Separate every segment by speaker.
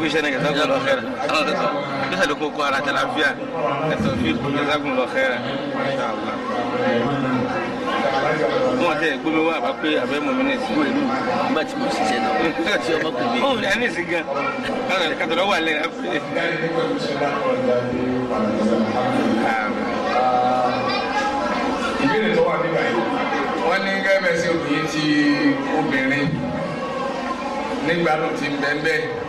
Speaker 1: kú iṣẹ́ náà jazakum Allah khairan ọlọ́run tó sọ bẹ́sẹ̀ ló kó kó ara tẹ láfíà ẹ̀sọ́ fi jazakum Allah khairan wọn tẹ gbọmọ wa àbá pé àbẹ mọmọ ní ìsìn. wọlé nígbà tí mo ṣiṣẹ́ náà nígbà tí ọmọ kò bí. ó ẹni sì gan kàtàkùn wà lẹ́yìn àfẹ́.
Speaker 2: ìbéèrè tó wà nígbà yìí wọ́n ní gẹ́gẹ́ bẹ́ẹ̀ sí obìnrin ti obìnrin nígbà tó ti bẹ́ẹ̀ bẹ́ẹ̀.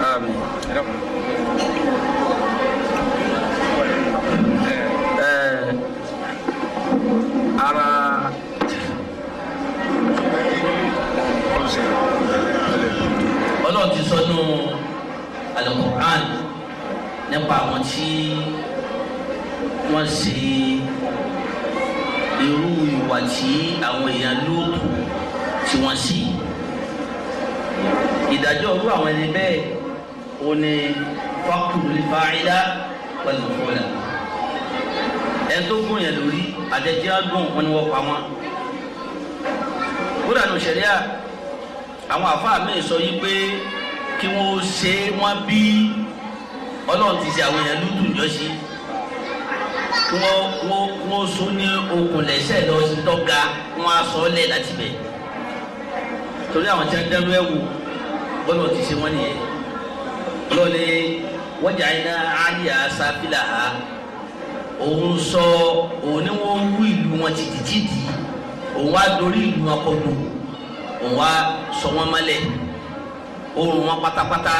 Speaker 2: Um,
Speaker 1: eh, eh, ara ọlọ́run ti sọ nù alukur'an nípa àwọn tí wọ́n ṣe irú ìwà tí àwọn èèyàn lóòótọ́ tí wọ́n ṣe ìdájọ́ irú àwọn ẹni bẹ́ẹ̀ o ní fákùnrin fáìlà pẹ̀lú fọlá ẹni tó gùn yẹn lórí àtẹ̀jẹ́ àgùn wọn ni wọ́n pa wọn. kódà nù sẹ́ríà àwọn àfáà míì sọ yí pé kí wọ́n ṣe wọ́n bí ọlọ́run ti ṣe àwọn èèyàn lùdù jọ sí kí wọ́n wọ́n wọ́n sún ní okùn lẹ́sẹ̀ lọ sí tọ́ga wọ́n á sọ ọ́ lẹ̀ láti bẹ̀ torí àwọn tí wọ́n dẹ́rú ẹ̀ wò bọ́lọ̀ ti ṣe wọ́n nìyẹn lọ́lẹ̀ wọ́jà iná àlìyà sáfìlà ha òun sọ òun ni wọ́n wú ìlú wọn tìtìtìtì òun wá dorí ìlú wọn kọlu òun wá sọ wọn mọ́lẹ̀ òun wọn pátápátá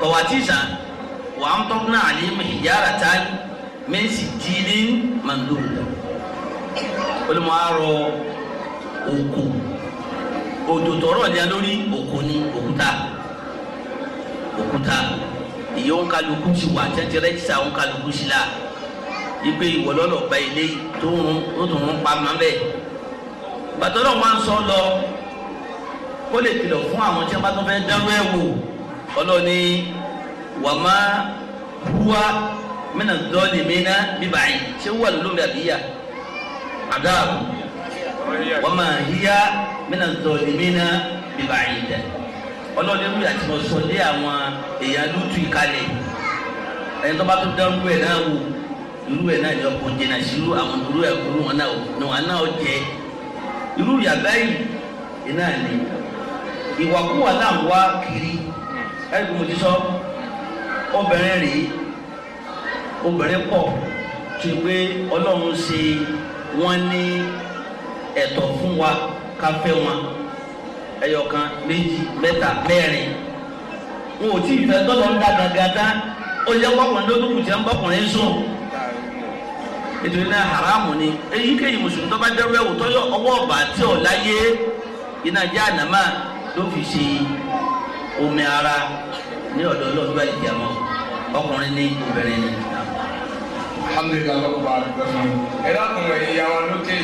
Speaker 1: kọ̀wátì sàn wà á tọ́ náà àlè mẹ̀yàrá tán mẹ́sì dìíní màndóòlù olùmọ̀ àrò òkú òtòtò ọ̀rọ̀ ní alórí òkú ní òkúta òkúta ìyẹn òǹkàlùkù ti wà tẹ́tí rẹ́jísà òǹkàlùkù sí la ìgbé ìwọlọ́lọ̀ bá ilé tó ń tó ń pa mọ́ bẹ́ẹ̀ gbàtọ́lọ́ máa ń sọ lọ kó lè kìlọ̀ fún àwọn tí wọ́n bá tó fẹ́ dánwó ẹ̀ wò ọlọ́ni wàmá huwa mina dọ́ọ̀lì mina bíbá yìí ṣé wà lómi àbíyà àdáàbò wàmá hiya mina dọ́ọ̀lì mina bíbá yìí dẹ́ ọlọ́ọ̀lẹ́rú àti mo sọ lé àwọn èèyàn lútu ìkalẹ̀ ẹni tó bá tó dá irú ẹ̀ náà wò irú ẹ̀ náà ni ọkọ̀ jẹ̀nà sí irú àwọn irú ẹ̀ irú wọn náà ni wọn náà jẹ irú yàgbá yìí iná ni ìwàkúwà náà wá kiri ẹni tó mo ti sọ obìnrin rèé obìnrin pọ̀ tó pé ọlọ́run ṣe wọ́n ní ẹ̀tọ́ fún wa ká fẹ́ wọn ẹyọkan méjì mẹ́ta mẹ́rin n ò tí ì fẹ́ tọ́lọ́ ń da gàgàdá ó yẹ kọkùnrin ló dúkù jẹ́ ń bọ́kùnrin sùn nítorí náà haramu ni èyíkéyìí mùsùlùmí tó bá dẹ́rù ẹ̀wò tó yọ ọwọ́ ọ̀bà tí ò láyé iná jẹ́ ànámà ló fi ṣe omi ara ní ọ̀dọ̀ ọlọ́dúnrún àìjẹmọ́ ọkùnrin ní obìnrin ni. alhamdulilayi ọlọ́pàá ẹ̀rọ ọkùnrin ìyá wa lókè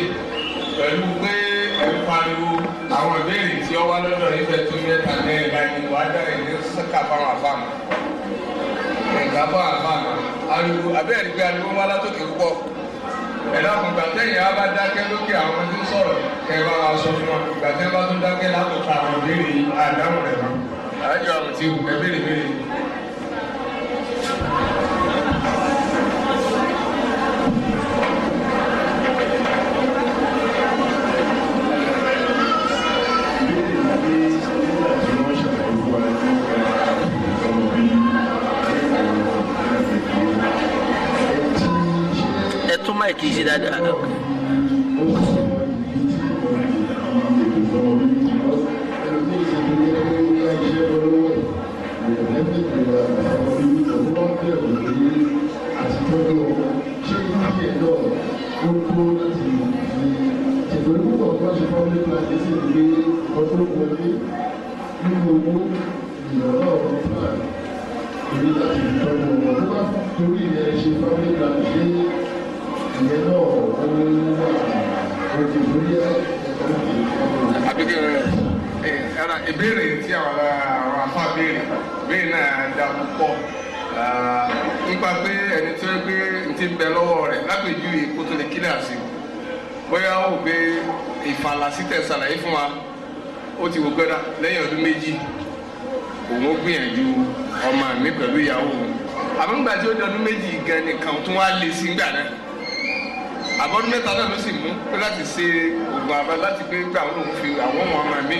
Speaker 2: pẹ̀lú pé ẹ pariwo àwọn ìbéèrè tí ó wá lọ́dọ̀ yìí fẹ́ tó mẹ́ta mẹ́rin báyìí wàá dára ìdí sẹ́ka fáwọn àfàmù ẹ̀ka fáwọn àfàmù ariwo abẹ́rẹ́ gbé ariwo wá látòkè púpọ̀ ẹ̀dá kan gbàtẹ́yìn á bá dákẹ́ lókè àwọn ọmọdé ń sọ̀rọ̀ kẹ́ ẹ bá wa sọ fún wọn gbàtẹ́ bá tún dákẹ́ látòkè àwọn ìbéèrè àdáhùn rẹ̀ mọ́ àjọ àmọ̀tí
Speaker 1: túmọ̀ ẹ̀ kì í ṣe dáadáa.
Speaker 3: Thank you.
Speaker 2: àbíkẹ́ ẹ̀rọ ìbéèrè tí àwọn afá béèrè béèrè náà dá púpọ̀ nípa pé ẹni tó gbé ti ń bẹ lọ́wọ́ rẹ̀ lápèjúwe kó tó lè kílẹ̀ àṣì bóyá ó gbé ìfàlàsítẹ̀ ṣàlàyé fún wa ó ti wò gbẹ́dá lẹ́yìn ọdún méjì òun ó gbìyànjú ọmọ mi pẹ̀lú ìyàwó òun àmọ́ ńgbà tí ó di ọdún méjì gan nìkan tó wá lé sí ńgbà náà àbọ̀dún mẹ́ta náà ló sì mú pé láti ṣe oògùn àbá láti pé pé àwọn òun fi àwọn ọmọ ọmọ mi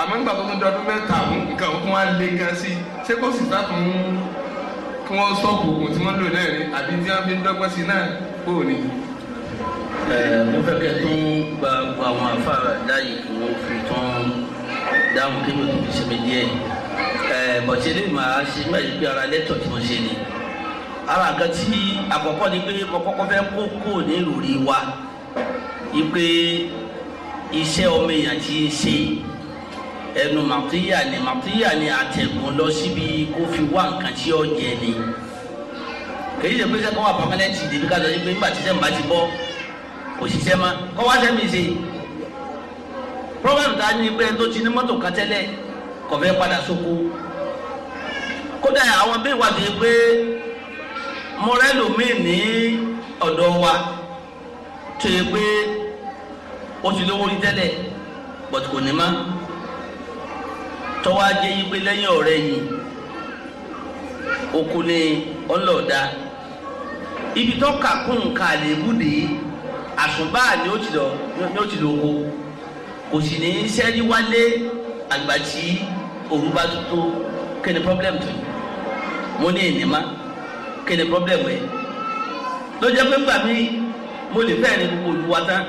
Speaker 2: àmọ́ nígbà tó ń di ọdún mẹ́ta àwọn nǹkan òun tún wá lé gan sí ṣé kò sì sátún kí wọ́n sọ́ọ̀bù oògùn tí wọ́n lò náà ni àbí
Speaker 1: tí wọ́n fi ń dọ́gbọ́n sí náà kò ní. ẹ mo fẹ́ kẹ́ tún gba gbogbo àwọn àfáà láàyè kí wọ́n fi tún dáhùn kí wọ́n tún fi ṣe mí díẹ̀ bọ̀tí eléyìí máa ṣe mẹ́rin pé ara lẹ́tọ̀ tí mo ṣe ni àwọn nǹkan tí àkọ́kọ́ ni pé mo kọ́kọ́ fẹ́ kó kò ní ìròrí wa ipe iṣẹ́ ọmọ èèyàn ti ń ṣe ẹnu màtíyà ni màtíyà ni àtẹ̀gùn lọ síbi kó fi wá nǹkan tí ó jẹ ni kèyí ṣe pé sẹ́kọ̀ wà pàmẹ́lẹ́ntì débi ká sọ yìí pé nígbà tí sẹ́mi bá ti bọ́ kò ṣiṣẹ́ mọ́ kọ́ wá sẹ́mi ṣe pọ́fẹ́mù tá a ní pé tó ti ní mọ́tò kan tẹ́lẹ̀ kò fẹ́ padà sóko kódà àwọn bí wà pé mọrẹlùmíì ní ọ̀dọ̀ wa tó yẹ pé ó ti lówó rí tẹ́lẹ̀ bọ̀t kò ní má tọ́wọ́ ajé yí pé lẹ́yìn ọ̀rẹ́ yìí òkú ni ọlọ́ọ̀dá ibi tó kà kún nǹkan àléébù nìyí àsùnbà ni ó ti lọ ni ó ti lọ oko kò sì ní sẹ́rí wálé àgbà òru bá tó tó kí ni pọ́blẹ́mù tó yìí mo ní ìní kéde problem ẹ lọ́jọ́ pé gbà mí mo lè fẹ́ẹ̀ ní gbogbo olùwà tán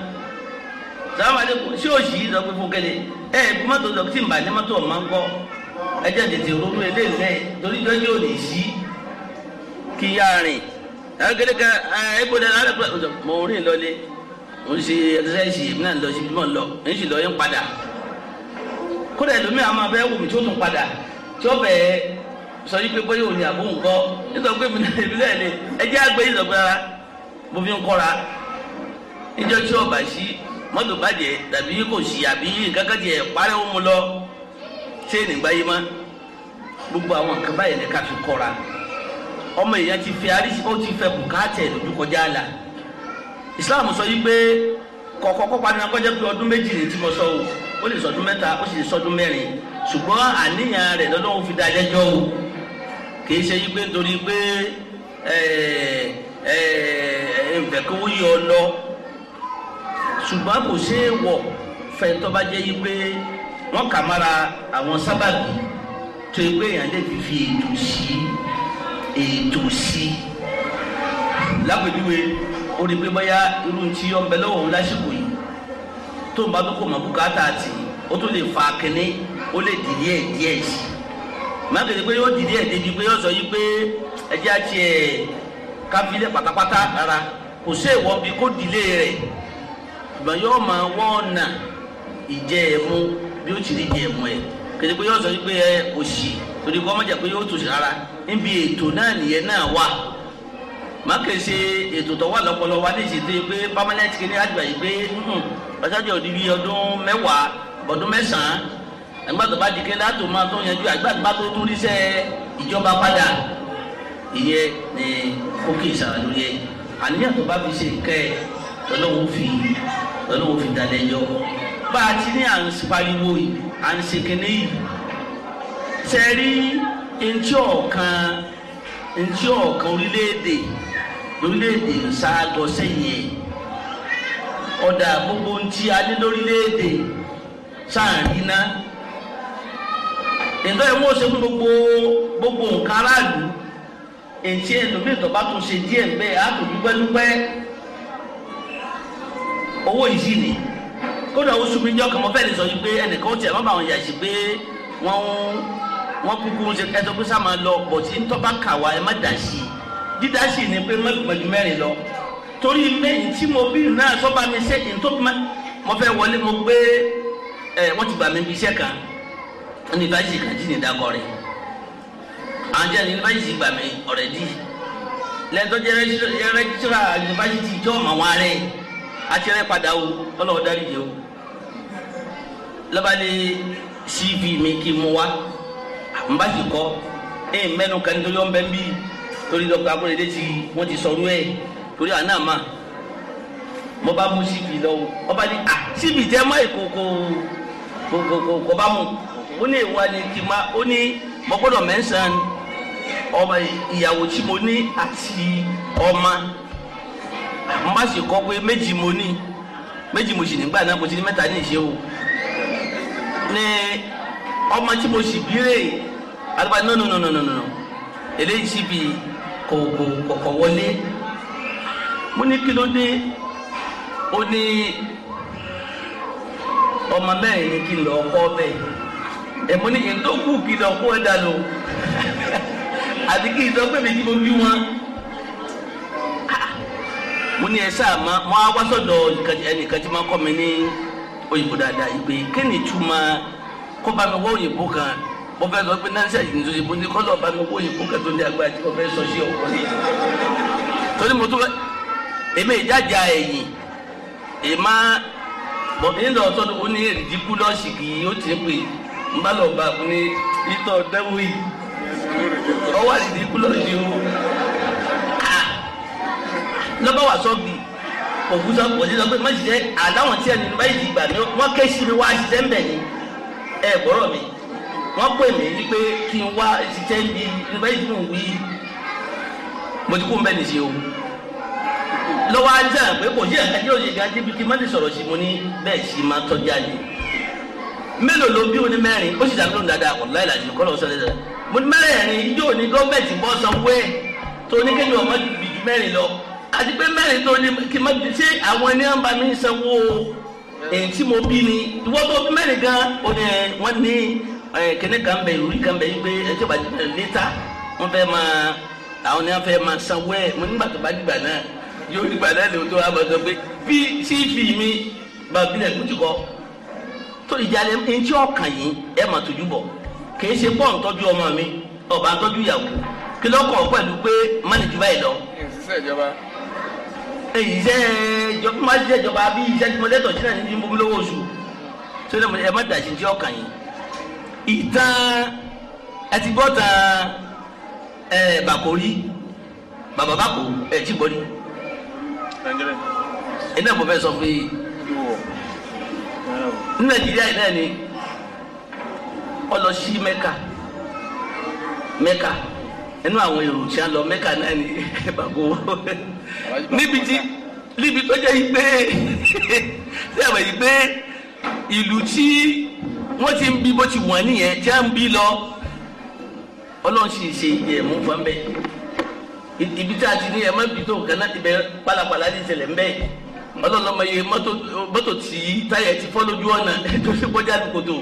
Speaker 1: sàmàlẹ́ kò ṣé òṣì yìí sọ pé fún kéde ẹ bí mọ́tò sọ tí n bà ní mọ́tò ọ̀ máa ń kọ́ ẹ jẹ́ tètè ronú eléyìí náà torí jọ́jú ò ní sí kí yá rìn akéde kan ẹgbẹ́ dẹ lálẹ́ pẹ́ mo rìn lọlé mo ṣe ẹsẹ̀sì èmi náà lọ sí bímọ lọ èyí sì lọ yín padà kódà ẹlòmíràn máa bẹ́ẹ̀ wù mí tí ó tún padà tí ó bẹ́ẹ̀ sọ yi pé bóyá òní àbóhùn kọ́ nítorí pé èmi náà lè ẹjẹ́ àgbẹ̀ yìí lọ́gbẹ́ rárá mo fi ń kọ́ra níjọ́ tí ọba sí mọ́tò tàbí kò sí àbí lọ ṣé nígbà yìí gbogbo àwọn nǹkan báyìí lẹ́ka fi ọmọ èèyàn ti arísí ó ti lójúkọjá Islam sọ yí pé kọkọ kópa ní akọ́jẹ́ pé ọdún méjì ní tí mo sọ o ó lè sọdún ó sì lè sọdún àníyàn kì í ṣe yí pé nítorí pé nfẹ̀ kí wọ́n lọ ṣùgbọ́n kò ṣe é wọ̀ fẹ́ tó bá jẹ́ yí pé wọ́n kà mára àwọn sábàbí tó yí pé èèyàn lè fi fi ètò sí ètò sí lápèjúwe ó rí pé bóyá irú tí ó ń bẹ lọ́wọ́ òun lásìkò yìí tó ń bá tó kò mọ̀ bùkátà tì ó tó lè fa kínní ó lè dìrí ẹ̀ díẹ̀ sí i máa kéde pé yóò dìde ẹ̀ débi pé yóò sọ yí pé ẹjẹ́ àti ẹ̀ kábílẹ̀ pátápátá rárá kò sí ìwọ bíi kó dìde rẹ̀ ṣùgbọ́n yóò máa wọ́ ọ̀nà ìjẹ́ ẹ̀mú bí ó ti rí jẹ́ ẹ̀mú ẹ̀ kéde pé yóò sọ yí pé ẹ òṣì torí kọ́ mọ̀jà pé yóò tòṣì rárá níbi ètò náà nìyẹn náà wà máa ṣe ètò tó wà lọ́pọlọ wa ní ìṣètò yìí pé permanent kìnìún àgbà yìí pé hmm, ọ̀sájà òdi ọdún mẹ́wàá ọdún mẹ́sàn-án ẹgbẹ́ tó bá di kí látò máa tó yanjú àgbàgbà tó tún ríṣẹ́ ìjọba padà ìyẹn ni ó kì í sàrà lórí ẹ àníyàn tó bá fi ṣe nǹkan ẹ lọ́lọ́wọ́ fi lọ́lọ́wọ́ fi dalẹ̀ yọ bá a ti ní à ń pariwo yìí à ń ṣe kinní yìí sẹ́rí ntí ọ̀kan ntí ọ̀kan orílẹ̀-èdè lórílẹ̀-èdè ń sẹ́yìn ẹ̀ ọ̀dà gbogbo ntí adé lórílẹ̀-èdè sáà rí náà ìtọ́ ẹ̀ wọ́n ṣe fún gbogbo gbogbo nǹkan aráàlú ètí ẹlòmíì tó bá tún ṣe díẹ̀ bẹ́ẹ̀ á tó dúpẹ́dúpẹ́ owó yìí ni kódà oṣù mi jọ kàn mọ́ fẹ́ẹ́ lè sọ yìí pé ẹnìkan ó tiẹ̀ má bà wọn yàtì pé wọ́n wọ́n kúkú ń ṣe ẹjọ́ pé sáà máa lọ bọ̀tí ń tọ́ba kà wá ẹ má dà sí i dídá sí ni pé mẹ́gbẹ̀jú mẹ́rin lọ torí mẹ́yìn tí mo bí náà sọ́ba mi ṣe ìtọ́bi mo fẹ́ wọlé mo gbé ẹ wọ́n ti gbà mí bí iṣẹ́ kan yunifásitì kan tí ní dakọ rẹ̀ àwọn jẹ́ yunifásitì gbà mí ọ̀rẹ́dì lẹ́tọ́ jẹ́ rẹ́gísírà yunifásitì jọ́ ọ̀mọ̀ wọn rẹ̀ àti rẹ̀ padà o ọlọ́wọ́ dárí yẹ o lọ́ba ní cv mi kí n mú wa n bá ti kọ́ ẹ mẹ́nu kan nítorí wọn bẹ́ẹ̀ bí torí dọ́kítà akóredé ti wọ́n ti sọ̀rọ̀ ẹ̀ torí àná àmà mo bá mú cv lọ́wọ́ ọba ní ah cv tẹ́ mọ́ èkó kó kó kó kó bá mú ó ní ìwà ni kì máa ó ní mo gbọ́dọ̀ mẹ́sàn-án ọmọ ìyàwó tí mo ní àti ọmọ mo bá sì kọ́ pé méjì mo ní méjì mo sì nígbà náà mo ti ní mẹ́ta ní ìṣe o ní ọmọ tí mo sì bí rè alùpà no no no no no no eléyìí sì bí kò kò kọ̀kọ̀ wọlé mo ní kí ló dé ó ní ọmọ mẹ́rin ni kí n lọ kọ́ bẹ́ẹ̀ èmi ní ìdókù kìlọ̀ kó ẹ dà lò àti kí ìdọ́gbẹ́ mi kí mo bí wọn. mo ní ẹ sáà ma mo á wá sọ̀dọ̀ ẹnìkan tí máa kọ́ mi ní òyìnbó dáadáa ìgbé kí ni ìtumọ̀ kó bá mi wọ òyìnbó kan mo fẹ́ sọ pé nánsì àyìn tó ṣe mo ní kọ́lọ̀ bá mi wọ òyìnbó kan tó ní agbára tí mo fẹ́ sọ sí ọ̀pọ̀ ní. torí mo tún fẹ́ èmi ìjájà ẹ̀yìn èmi máa bọ̀ nílò ọ̀tọ́ ní èrìdí kú lọ́ọ̀ṣì kì í ó ti ń pè é n bá lọ bá ní ìtọ̀ dẹ́wò yìí ọwọ́ àdìdí di o ah! lọ́bà wà sọ́ọ̀gì òkúta òjì sọ pé má ṣiṣẹ́ àdáwọn tí ẹni bá yìí gbà ní wọ́n ké sí mi wá ṣiṣẹ́ ń ni ẹ gbọ́rọ̀ mi wọ́n pè mí wípé kí n wá ṣiṣẹ́ ń bi ní bá yìí mò ń wí mo ti kú ń bẹ̀ nìṣe o lọ́wọ́ ajá pé kò yẹ ẹ̀ka tí yóò ṣe gan débi kí má ti sọ̀rọ̀ sí mo ní bẹ́ẹ̀ sì máa tọ́jà yìí mélòó ló bí ó ní mẹ́rin ó sì dá dáadáa wọ́n láì làjì kọ́ lọ́wọ́ sọ dáadáa mo ní mẹ́rẹ̀ẹ̀rin yóò ní gọ́ọ̀mẹ̀ntì bọ́ sanwó ẹ̀ tó ní kéde ọmọ bì ju mẹ́rin lọ àti pé mẹ́rin tó ní kí n má bi ṣé àwọn ẹni à ń bá mi sanwó èyí tí mo bí ni ìwọ́n tó bí mẹ́rin gan ó ní wọ́n ní kíní kan bẹ̀ ìrúrí kan bẹ̀ yín ẹjọ́ bá dìbò létà wọ́n fẹ́ máa àwọn ẹni à ń fẹ́ máa sanwó ẹ̀ mo nígbà tó bá dìgbà náà yóò dìgbà náà lè tó wá sọ pé bí tíì fì bá bílẹ̀ kùtù tó ìjàlẹ̀ ntí ọkàn yìí ẹ mà tójú bọ̀ kìí ṣe pọ̀ ntọ́jú ọmọ mi ọba ntọ́jú ìyàwó kí lọ́kọ̀ pẹ̀lú pé mánìjú báyìí lọ. ìṣiṣẹ́ ìjọba. ìṣiṣẹ́ ìjọba má ṣiṣẹ́ ìjọba bí iṣẹ́ tí mo lẹ́tọ̀ sí náà ní mo lówó oṣù tó lè ẹ má dàsí ntí ọkàn yìí. ìtàn ẹ ti gbọ́ tán ẹ bàkórí bàbá bàkó ẹ ti gbọ́ ni. ẹ náà mo fẹ́ sọ fún yìí ní nàìjíríà yìí náà ni ó lọ sí mẹ́kà mẹ́kà nínú àwọn èrò tí a lọ mẹ́kà náà ni bàbá owó níbi tí níbi tó jẹ́ ìgbé ṣé àwọn ìgbé ìlú tí wọ́n ti ń bí bó ti wọ̀n nìyẹn tí a ń bí lọ ọlọ́run sì ṣe ìyẹ̀ mú fún bẹ́ẹ̀ ibi tí a ti ní ẹ̀ má bí tó kàn náà ti bẹ pálapàla ti ṣẹlẹ̀ ń bẹ́ẹ̀ ọlọ́lọ́mọ iye mọ́tò tí táyà ti fọ́ lójú ọ̀nà tó ṣe kọjá lùkòtò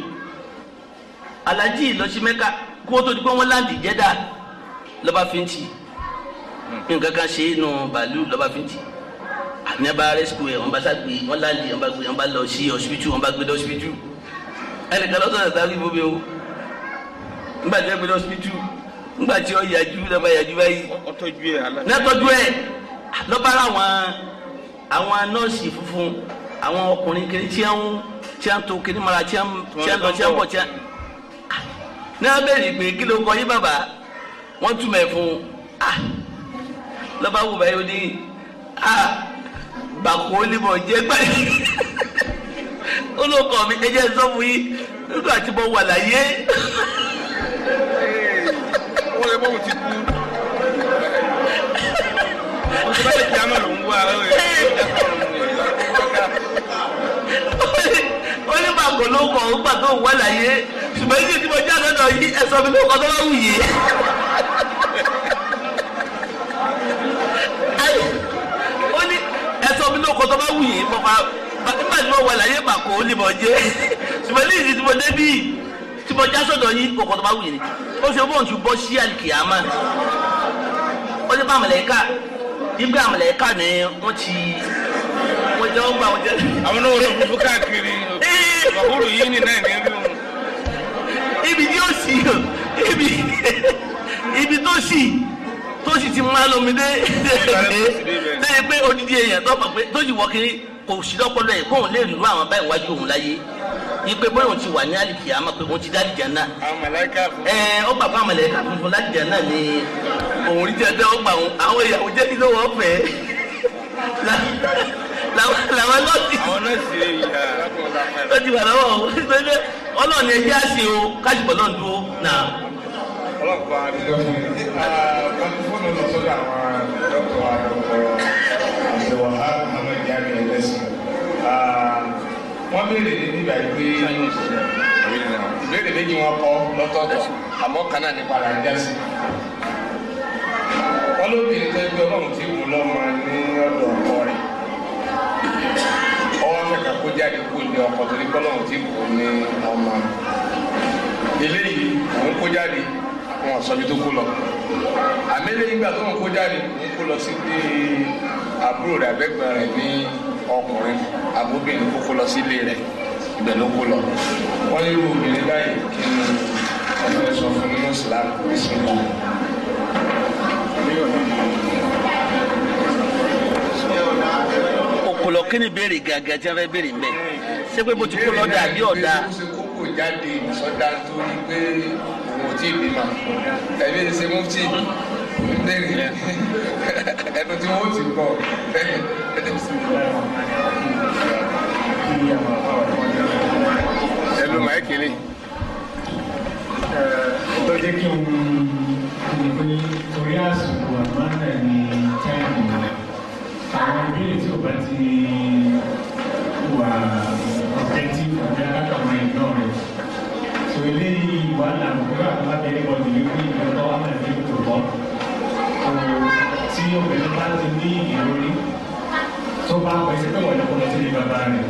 Speaker 1: alájí ìlọsí mẹ́ka kó tó di pé wọ́n láǹdì jẹ́dà lọ́ba fíntì nǹkan kan ṣe é nù bàálù lọ́ba fíntì àníyànbá rẹ́síkù ẹ̀ wọ́n bá sàgbé wọ́n láǹdì wọ́n bá gbé wọ́n bá lọ sí ọ̀sibítù wọ́n bá gbé lọ ọ̀sibítù ẹnìkan lọ́sọ̀ tàbí àbí ibòmí o nígbà tí wọ́n gbé lọ ọ̀sibítù nígbà tí wọ́n yàjú lọ́ba yàjú báyìí àwọn nọ́ọ̀sì funfun àwọn ọkùnrin kiri tí wọ́n tí wọ́n tó kiri mara tí wọ́n lọ tí wọ́n bọ̀ tí wọ́n. Ah, ní wọ́n bẹ̀rẹ̀ pé kí ló kọ yí bàbá wọ́n tún mẹ̀ fún un ah, lọ́ba wù báyìí ó ní ah, bàkó onímọ̀ jẹ́ gbàdé olóòkọ mi ẹjẹ sọ́mu yìí nígbà tí mo wà láyé. wọ́n lè bọ́ wò ti kú. mo ti bá lè kí amọ̀ ló ń wá. àgọ́ ló kọ̀ ó gbà tó wà láyé ṣùgbọ́n ibi tí mo já lọ́dọ̀ yìí ẹ̀sọ́ mi ló kọ́ tó bá wù yìí. ó ní ẹ̀sọ́ mi ló kọ́ tó bá wù yìí mo fa nígbà tí mo wà láyé pàkó ó lè mọ̀ jẹ́ ṣùgbọ́n ní ìdí tí mo dé bíi mo já sọ́dọ̀ yìí kò kọ́ tó bá wù yìí ó ṣe ti bọ́ sí àlìkìyàmá ó ní bá ibi àmàlẹ́ká ni wọ́n ti wọ́n jẹ́ wọ́n gbà wọ́n jẹ́. àwọn náà wọ́n lọ fún káàkiri bàbúrò yìí ni náà ní rí òun. ibi tí ó sì ibi ibi tó sì tó sì ti máa lomi dé lẹ́yìn pé odidi èèyàn tó mọ̀ pé tó sì wọ́ kiri kò sí lọ́pọ̀lọ́ ẹ̀ kóun lè rírun àwọn báyìí wájú òun láyé ipe bóyá òun ti wà ní àlìkì àmọ́ pé òun ti dá àlìjà náà. àwọn màláíkà fún. ẹ ó gbà fún àmàlẹ́kà funfun láàlìjà náà ni òun rí jẹ́ ẹgbẹ́ ó òun àwọn ìyàwó jẹ́ ìlówó ọ̀fẹ́ làwọn nọ́ọ̀sì. àwọn nọ́ọ̀sì rẹ̀ yà ó ti wà lọ́wọ́ ọlọ́ọ̀ni ẹjẹ́ àṣẹ o kájùbọ̀ náà dúró náà. ọlọ́pàá mi lọ fún mi ah, wọn fún mi lọ
Speaker 2: sọ́dọ̀ àwọn dókítà àdókòrò àṣewàhá àwọn ìyá mi ẹlẹ́sìn
Speaker 3: ah, wọ́n béèrè
Speaker 2: nígbà pé ìbéèrè méjì wọn kọ lọ́tọ̀ọ̀tọ̀ àmọ́ kan náà nípa rẹ̀ ń dá sí. wọ́n lóbìnrin tó gbé ọlọ́run tí wò lọ́mọ ní kó jáde kó ní ọkọ torí kọ́nà ò tí ní ọmọ eléyìí òun kó jáde àwọn àsọ̀bí tó kó lọ àmẹ́lẹ́ ìgbà tó ń kó jáde òun kó lọ sí pé àbúrò rẹ̀ abẹ́gbọ̀n rẹ̀ ní ọkùnrin àbúbìnrin kó kó lọ sí ilé rẹ̀ ibẹ̀ ló kó lọ wọ́n ní irú báyìí kí ni ọ̀nà ẹ̀sọ́ fún nínú
Speaker 1: ìsìlámù kó lọ kí ni béèrè gàgà tí wọ́n fẹ́ béèrè mẹ́ ṣé pé bó ti kó lọ dà bí ọ̀dà. ìbéèrè yẹn kókò jáde ìsọdá torí pé òun ò tí ì bímọ
Speaker 2: ẹbí ṣe mú tí ń béèrè ẹnu tí wọn ó ti bọ ẹni sì ẹ ló máa kéré.
Speaker 3: ẹ tó jẹ́ kí n mú un pé torí àsìkò àmọ́ náà ni ìbéèrè tí ò bá ti wà objective àti alákàmọ́ ìgbọ́ rẹ̀ tó eléyìí wà láàbù pé wà bá bẹ̀rẹ̀ bọ̀ nìyí pé ìgbọ́tọ̀ wà náà ní kò bọ́ tí obìnrin bá ti ní ìròrí tó bá pèsè pé wọ́n lè kó lọ sí bàbá rẹ̀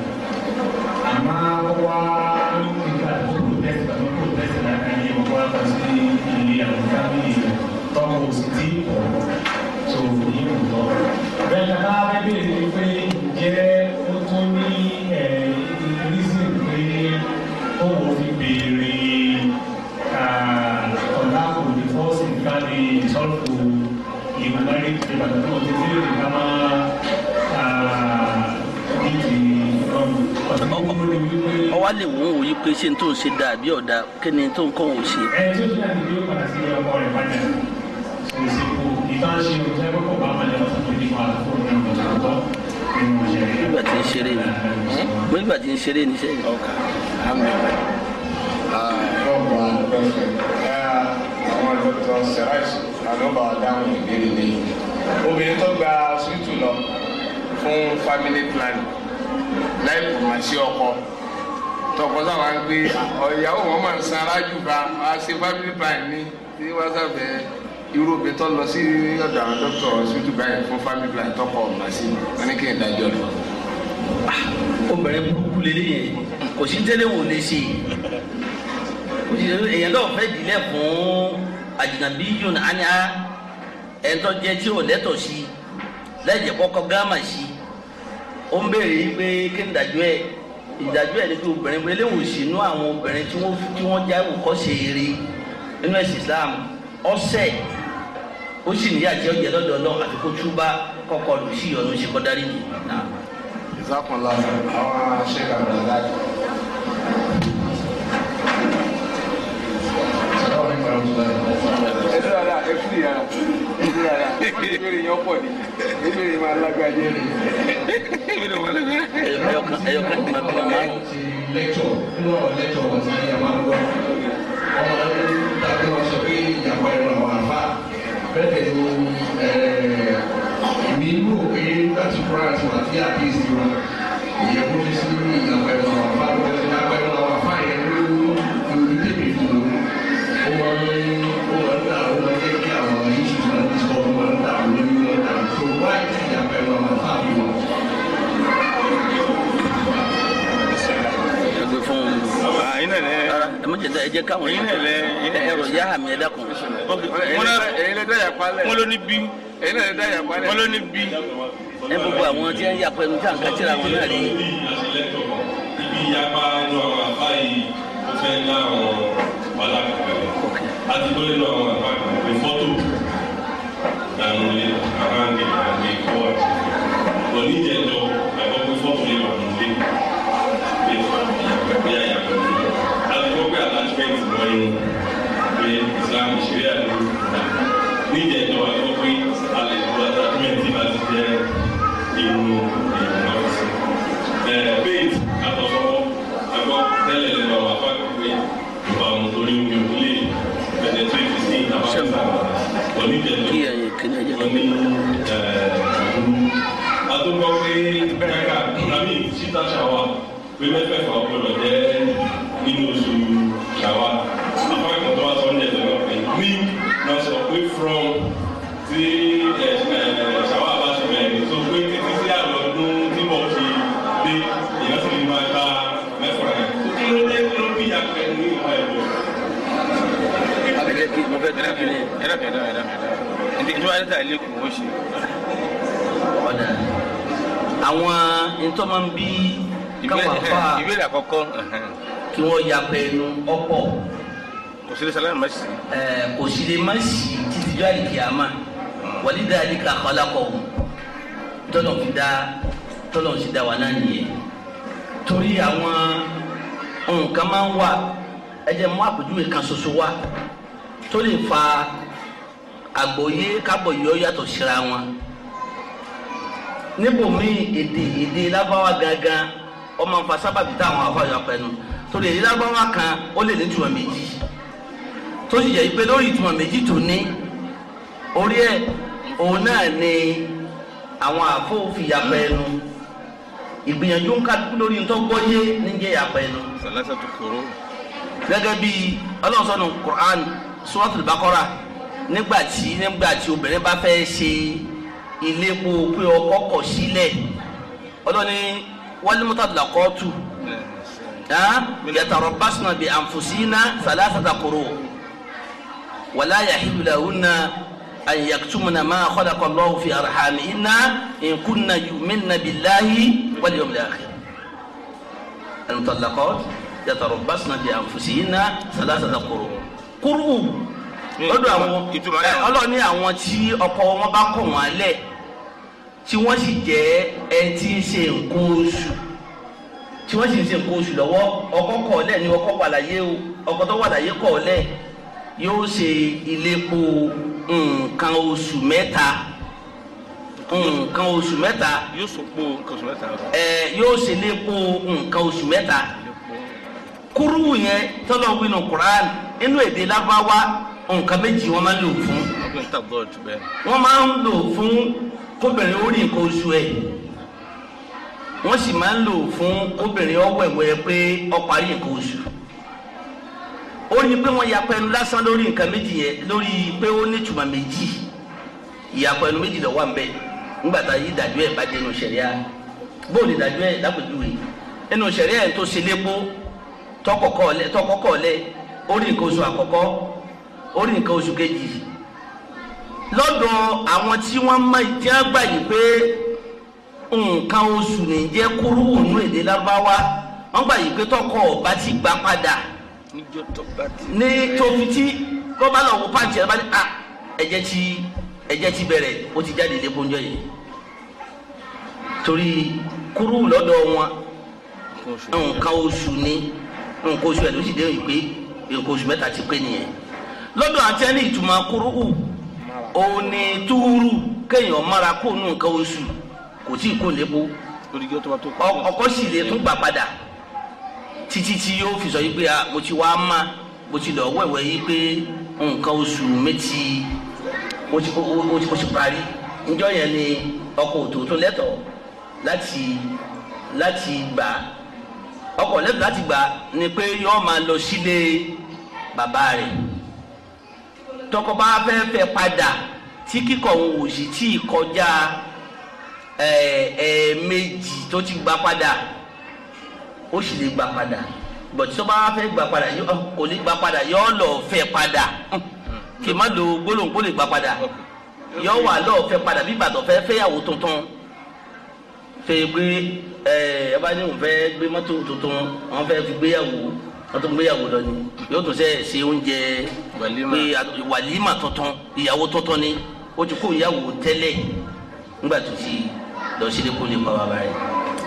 Speaker 2: àmọ́ wá
Speaker 3: ẹ̀ka bá fẹ́ bèrè ni pé ǹjẹ́ ó tó ní rísìn pé ó wò fi béèrè ọ̀la kò ní fọ́ọ̀sì nípa ní ìsọ́lùkù ìmọ̀lárí ìbàdàn tó ti tẹ́lẹ̀ nípa
Speaker 1: máa ní ti ọwọ́ lè wọ́n wòye pé ṣé n tó ń ṣe dáa bí ọ̀dà kí ni tó ń kọ́ òun ṣe. ẹ tí
Speaker 3: ó ṣe àdìgbò padà
Speaker 1: sí ọkọ rẹ̀ padà ṣòṣèkò ìbáṣe òṣèlú kọ̀ọ̀kan nígbà tí ń ṣeré ni mo nígbà tí ń ṣeré ni sẹ́yìn. ọkà
Speaker 2: àwọn dókítà sẹ́ráìsì àlọ́bà obìnrin tó gba ọsibítù lọ fún family planning láì kò máa ṣe ọkọ tọkọ sábà ń gbé ìyàwó wọn máa ń sanra jù bá a ṣe family planning ní wàsàfẹ́ irú obìnrin tó lọ sí ọ̀dọ̀ àwọn dókítà ọ̀sìtú báyìí fún family plan
Speaker 1: tọkọ ọ̀nà sí mi wọn ní kí n dájọ́ lọ. Ah, obìnrin burúkú lélẹ́ yẹn kò sí tẹ́lẹ̀ wò lè ṣe kò sí tẹ́lẹ̀ èèyàn náà fẹ́ dìlẹ̀ fún àjìnàbí yun ani a ẹ̀ńtọ́ jẹ́ tí ò lẹ́tọ̀ sí lẹ́jẹ̀ kọ́kọ́ gáàmà sí ó ń béèrè yìí pé kí n dájọ́ ẹ̀ ìdájọ́ ẹ̀ ni pé obìnrin pé eléwò sí inú àwọn obìnrin tí wọ́n já ìwòkọ́ ṣe eré nínú ẹ̀sìn Islam ọ̀sẹ̀ ó sì ní àjẹ́ ọ̀jẹ̀ lọ́dọ̀ ọlọ́run àti kó túbá kọ́kọ́ lù sí ìyọnu ṣe kọ́ dárí yìí. ìsákùnlá àwọn ṣẹ́ka bẹ̀rẹ̀ láti.
Speaker 2: ẹ̀dùn ara ẹ̀fún ìyá ẹ̀dùn ara ìbéèrè yẹn pọ̀ ní ìbéèrè máa lágbára yẹn ni. ẹ̀yọ̀kan ẹ̀yọ̀kan ti máa tẹ̀lé márùn. lẹ́tọ̀ lọ́rọ̀ lẹ́tọ̀ wọ̀nyí
Speaker 3: fún àti àkíyèsí wọn ìyẹn kó fi sí ìyàwó ẹ̀ máa wà fáwọn ẹ̀ máa wà wà wà fáwọn ẹ̀ lówó lórí tèmi fún un ó wà ní ó wà ní àwọn ọmọ ẹgbẹ́
Speaker 1: kí àwọn ọmọ yìí ṣùgbọ́n àti sọ wọn wà ní àwọn ọmọ yìí wọn dà tó wáyé tí ìyàwó ẹ̀ máa wà fáwọn wọn. ẹyin náà lẹ ẹ mọ jẹ ẹ jẹ káwọn ẹyin náà lẹ ẹrọ yá àmì ẹdá kan. mo ló bí ẹ̀yin náà dá yàpá rẹ̀. wọ́n ló ní bí. ẹ gbogbo àwọn tí ń yàpá ẹnu tí à ń ká tíra wọn náà rí. ibi yapa inú àwọn àbá yìí ó fẹ́ ná àwọn wàhálà kankan a ti tó nínú àwọn àbá
Speaker 3: kankan fọ́tò làwọn ilé àhánkè àgbè kọ́ àti lọ ní ìjẹ́jọ́ àgbọ̀ fọ́tò lè wà nílé bí a yàpá ẹnu a ti gbọ́ pé attachment lọ́yìn pé Islam you.
Speaker 1: ẹlẹ́kẹ̀dẹ́ ẹlẹ́kẹ̀dẹ́ ẹlẹ́kẹ̀dẹ́ ẹ̀dẹ́ ìjọba ẹ̀dá ẹ̀lẹ́kùn ó ṣe. ọ̀dà àwọn ntọ́ máa ń bí káwọn afa ìbéèrè àkọ́kọ́ kí wọ́n ya pẹ̀lú ọ̀pọ̀ òsèlè sàlámù má sì. òsèlè má sì títí jọ àìkíyàmá wàlí dáadé ká kọ́lákọ̀ tọ́lọ̀ fi dá tọ́lọ̀ sì dá wà náà nìyẹn torí àwọn nǹkan máa ń wà ẹ jẹ́ mú àpèjúwe kan ṣoṣo wá tó lè fa àgbọ́yé kábọ̀yé ó yàtọ̀ síra wọn níbòmíì èdè èdè lábáwá gangan ọmọ nfa sábàbí táwọn afọyọ pẹnu torí èdè lábáwá kan ó lè ní ìtumọ̀ méjì tó sì jẹ́ pé lórí ìtumọ̀ méjì tó ní orí ẹ̀ òun náà ni àwọn àfọwọ́fì yàpẹ̀ ẹnu ìgbìyànjú ń kálukú lórí ntọ́gbọ́yé níjẹ́ yàpẹ̀ ẹnu. sàlásà tó kúrò. gẹ́gẹ́ bí ọlọ́sọ̀nù Qur'an suratul bakora nígbà tí nígbà tí obìnrin bá fẹ́ ṣe ilépo pé ọkọ kọ̀ sílẹ̀ ọlọ́ni wal mutallaqatu yatarabbasna bi anfusina thalathata quru wala yahillu lahunna an yaktumna ma khalaqa Allahu fi arhamihinna in kunna yu'minna billahi wal yawmil akhir al mutallaqatu yatarabbasna bi anfusihinna thalathata quru kúrú hmm. lọ́dọ̀ àwọn ọlọ́ọ̀ni àwọn tí ọkọ wọn bá kọ̀ wọ́n alẹ̀ tí wọ́n sì jẹ́ ẹni tí ń ṣe nǹkan oṣù tí wọ́n sì ń ṣe nǹkan oṣù lọ́wọ́ ọkọ kọ̀ ọ́ lẹ̀ ni ọkọ wà láyé o ọkọ tó wà láyé kọ̀ ọ́ lẹ̀ yóò ṣe ìlépo nǹkan oṣù mẹ́ta nǹkan oṣù mẹ́ta yóò ṣe lépo nǹkan oṣù mẹ́ta. kuru yẹn tọ́lọ̀ wínú Quran inu ede lábáwá nǹkan méjì wọ́n máa ń ma lo fun máa ma lò fún kóbìnrin orí nǹkan oṣù ẹ̀ wọ́n sì máa ń lò fún kóbìnrin pe pé ọparí nǹkan oṣù. lori ní pé wọ́n yapa ẹnu lásán lórí nǹkan méjì yẹn lórí pé ó ní ìtumọ̀ méjì a tọkọkọ lẹ tọkọkọ lẹ orí nǹkan oṣù àkọ́kọ́ orí nǹkan oṣù kejì lọ́dọ̀ àwọn tí wọ́n máa ti á gbà yìí pé nǹkan oṣù ní jẹ́ kúrú ònú èdè lárúbáwá wọ́n gbà yìí pé tọkọ ọba ti gbà padà ní tóbi tí kọ́ba lọ́wọ́ pàǹtí ẹ̀ bá ní à ẹ̀jẹ̀ ti ẹ̀jẹ̀ ti bẹ̀rẹ̀ ó ti jáde lé kóńjọ yìí torí kúrú lọ́dọ̀ wọn nǹkan oṣù ni nǹkan oṣù ẹ̀ ló sì déhùn pé nǹkan oṣù mẹ́ta ti pé nìyẹn lọ́dọ̀ àti ẹni ìtumọ̀ kúrúhù òun ni túwúrú kéèyàn mára kó nù nǹkan oṣù kò tí ì kó lébo ọkọ sì lè tún gbà padà títí tí yóò fi sọ yí pé mo ti wá má mo ti lọ wẹ̀wẹ̀ yí pé nǹkan oṣù méjì ó ti parí njọ́ yẹn ni ọkọ òtòótó lẹ́tọ̀ọ́ láti láti gbà ọkọ lẹ́tọ̀ láti gbà ni pé yóò máa lọ sílé bàbá rẹ̀ tọkọ bá fẹ́ fẹ́ padà tí kíkọ̀ òun ò sì tí ì kọjá ẹ̀ẹ̀mejì tó ti gbà padà ó sì lè gbà padà bọ̀dé tó bá fẹ́ gbà padà kò lè gbà padà yóò lọ fẹ́ padà kì í má lo gbólóhùn lè gbà padà yóò wà lọ́ọ̀ fẹ́ padà bí bàtọ̀ fẹ́ fẹ́yàwó tuntun tó yẹ pé ẹ bá ní òun fẹ́ gbé mọ́tò tuntun wọn fẹ́ fi gbéyàwó wọn tó ń gbéyàwó lọ ni yóò tún ṣe ṣe oúnjẹ pé wàlímà tuntun ìyàwó tuntun ni ó ti kó ìyàwó tẹ́lẹ̀ nígbà tó ti lọ sílé kó lè pa bàbá rẹ̀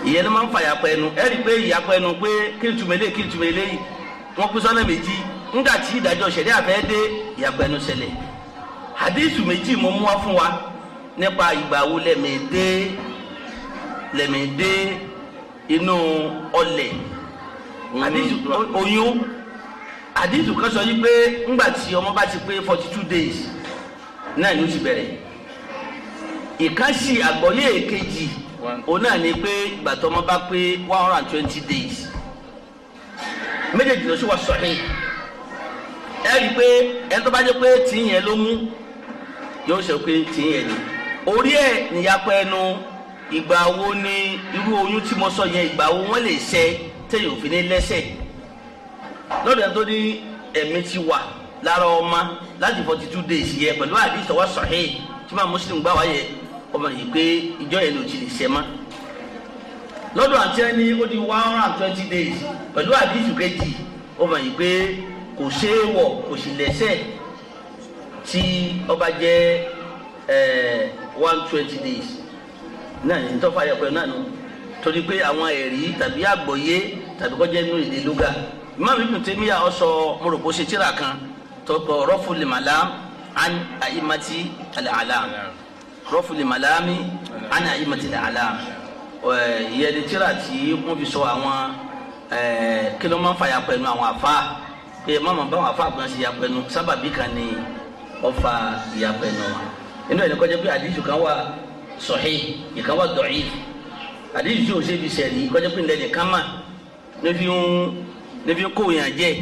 Speaker 1: ìyẹn ló máa ń fa ìyàpọ̀ ẹnu ẹ rí i pé ìyàpọ̀ ẹnu pé kí n tùmẹ̀lé kí n tùmẹ̀lé yìí wọ́n pín sọ́nà méjì nígbà tí ìdájọ́ ṣẹ̀lẹ̀ àfẹ́ dé ìyàpọ̀ ẹnu ṣẹlẹ̀ hadith méjì mo mú wá fún wa nípa ìgbà wo lẹ́mẹ̀ẹ́dẹ́ lẹ̀mí dé inú ọlẹ̀ àdìsù oyún àdìsù kan sọ yí pé ńgbà tí ọmọ bá ti pé forty two days náà yóò ti bẹ̀rẹ̀ ìkànsì àgbọ̀yé èkejì òun náà ni pé ìgbà tí ọmọ bá pé one hundred and twenty days méjèèjì ló sì wà sọ̀hìn ẹ rí i pé ẹni tó bá jẹ́ pé tìyẹn ló mú yóò sọ pé tìyẹn ni orí ẹ̀ níyapẹ́ ẹnu. No ìgbà wo ni irú oyún tí mo sọ yẹn ìgbà wo wọ́n lè ṣe téèyàn òfin ní lẹ́sẹ̀ tó ní ẹ̀mí ti wà lára ọmọ láti forty two days yẹ pẹ̀lú àdìsí ọwọ́ sọ̀hìn tí máa muslim gbà wáyẹ ọmọ yìí pé ìjọ yẹn ló ti lè ṣe mọ́ lọ́dọ̀ àti ẹni ó di one hundred and twenty days pẹ̀lú àdìsí kejì ọmọ yìí pé kò ṣeé wọ̀ kò sì lẹ́sẹ̀ tí ọba jẹ́ eh, one twenty days náà ní tọ́fà ayọ̀pẹ̀ náà nù torí pé àwọn ẹ̀rí tàbí àgbọ̀yé tàbí kọjá inú èdè lúgà Imam Ibn Taymiyyah ọ̀sọ̀ mọ̀rọ̀kọ́ ṣe tíra kan tọkọ Raf'ul Malam an a'immati al-a'lam Raf'ul Malami an a'immati al-a'lam ìyẹn ni tíra tí wọ́n fi sọ àwọn kí ló máa ń fa yàpẹ̀ nu àwọn àfa pé mọ́mọ́ bá àwọn àfa àgbọn ṣe yàpẹ̀ nu sábàbí kan ni ọ̀fà yàpẹ̀ nu wa inú ẹ̀ sọ̀hí ìkan wà dọ̀yì àdéhùn tí o ṣe fi sẹ̀rí kọjá pé nílẹ̀ nìkan mà nífi ń nífi kó yàn jẹ́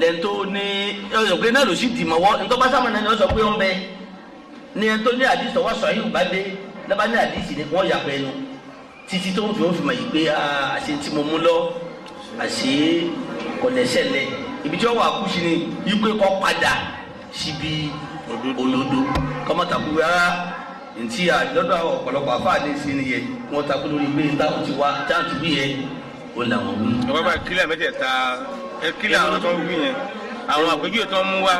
Speaker 1: lẹ́ńtó ní ọ̀sọ̀ pé náà ló sì dì mọ́wọ́ ntọ́ bá sábà náà ni ọ̀sọ̀ pé ó ń bẹ ní ẹ̀ńtó ní àdìsí ọwọ́ sọ̀hí ò bá dé lọ́ba ní àdìsí ni wọ́n yà pẹ́ nu títí tó ń fi wọn fi mọ yìí pé àṣẹ tí mo mú lọ àṣẹ kò lẹsẹ lẹ ibi tí wọn wà kú ntí àdọ́dọ̀ àwọn ọ̀pọ̀lọpọ̀ àfa àlẹ́ sí ni yẹ wọ́n takú lórí pé n táwọn ti wá táàtù bí yẹ ó làwọn wí. ọba bá kílà mẹ́tẹ̀ẹ̀ta ẹ kílà àwọn tó ń wí yẹn àwọn àpèjúwe tó ń mú wa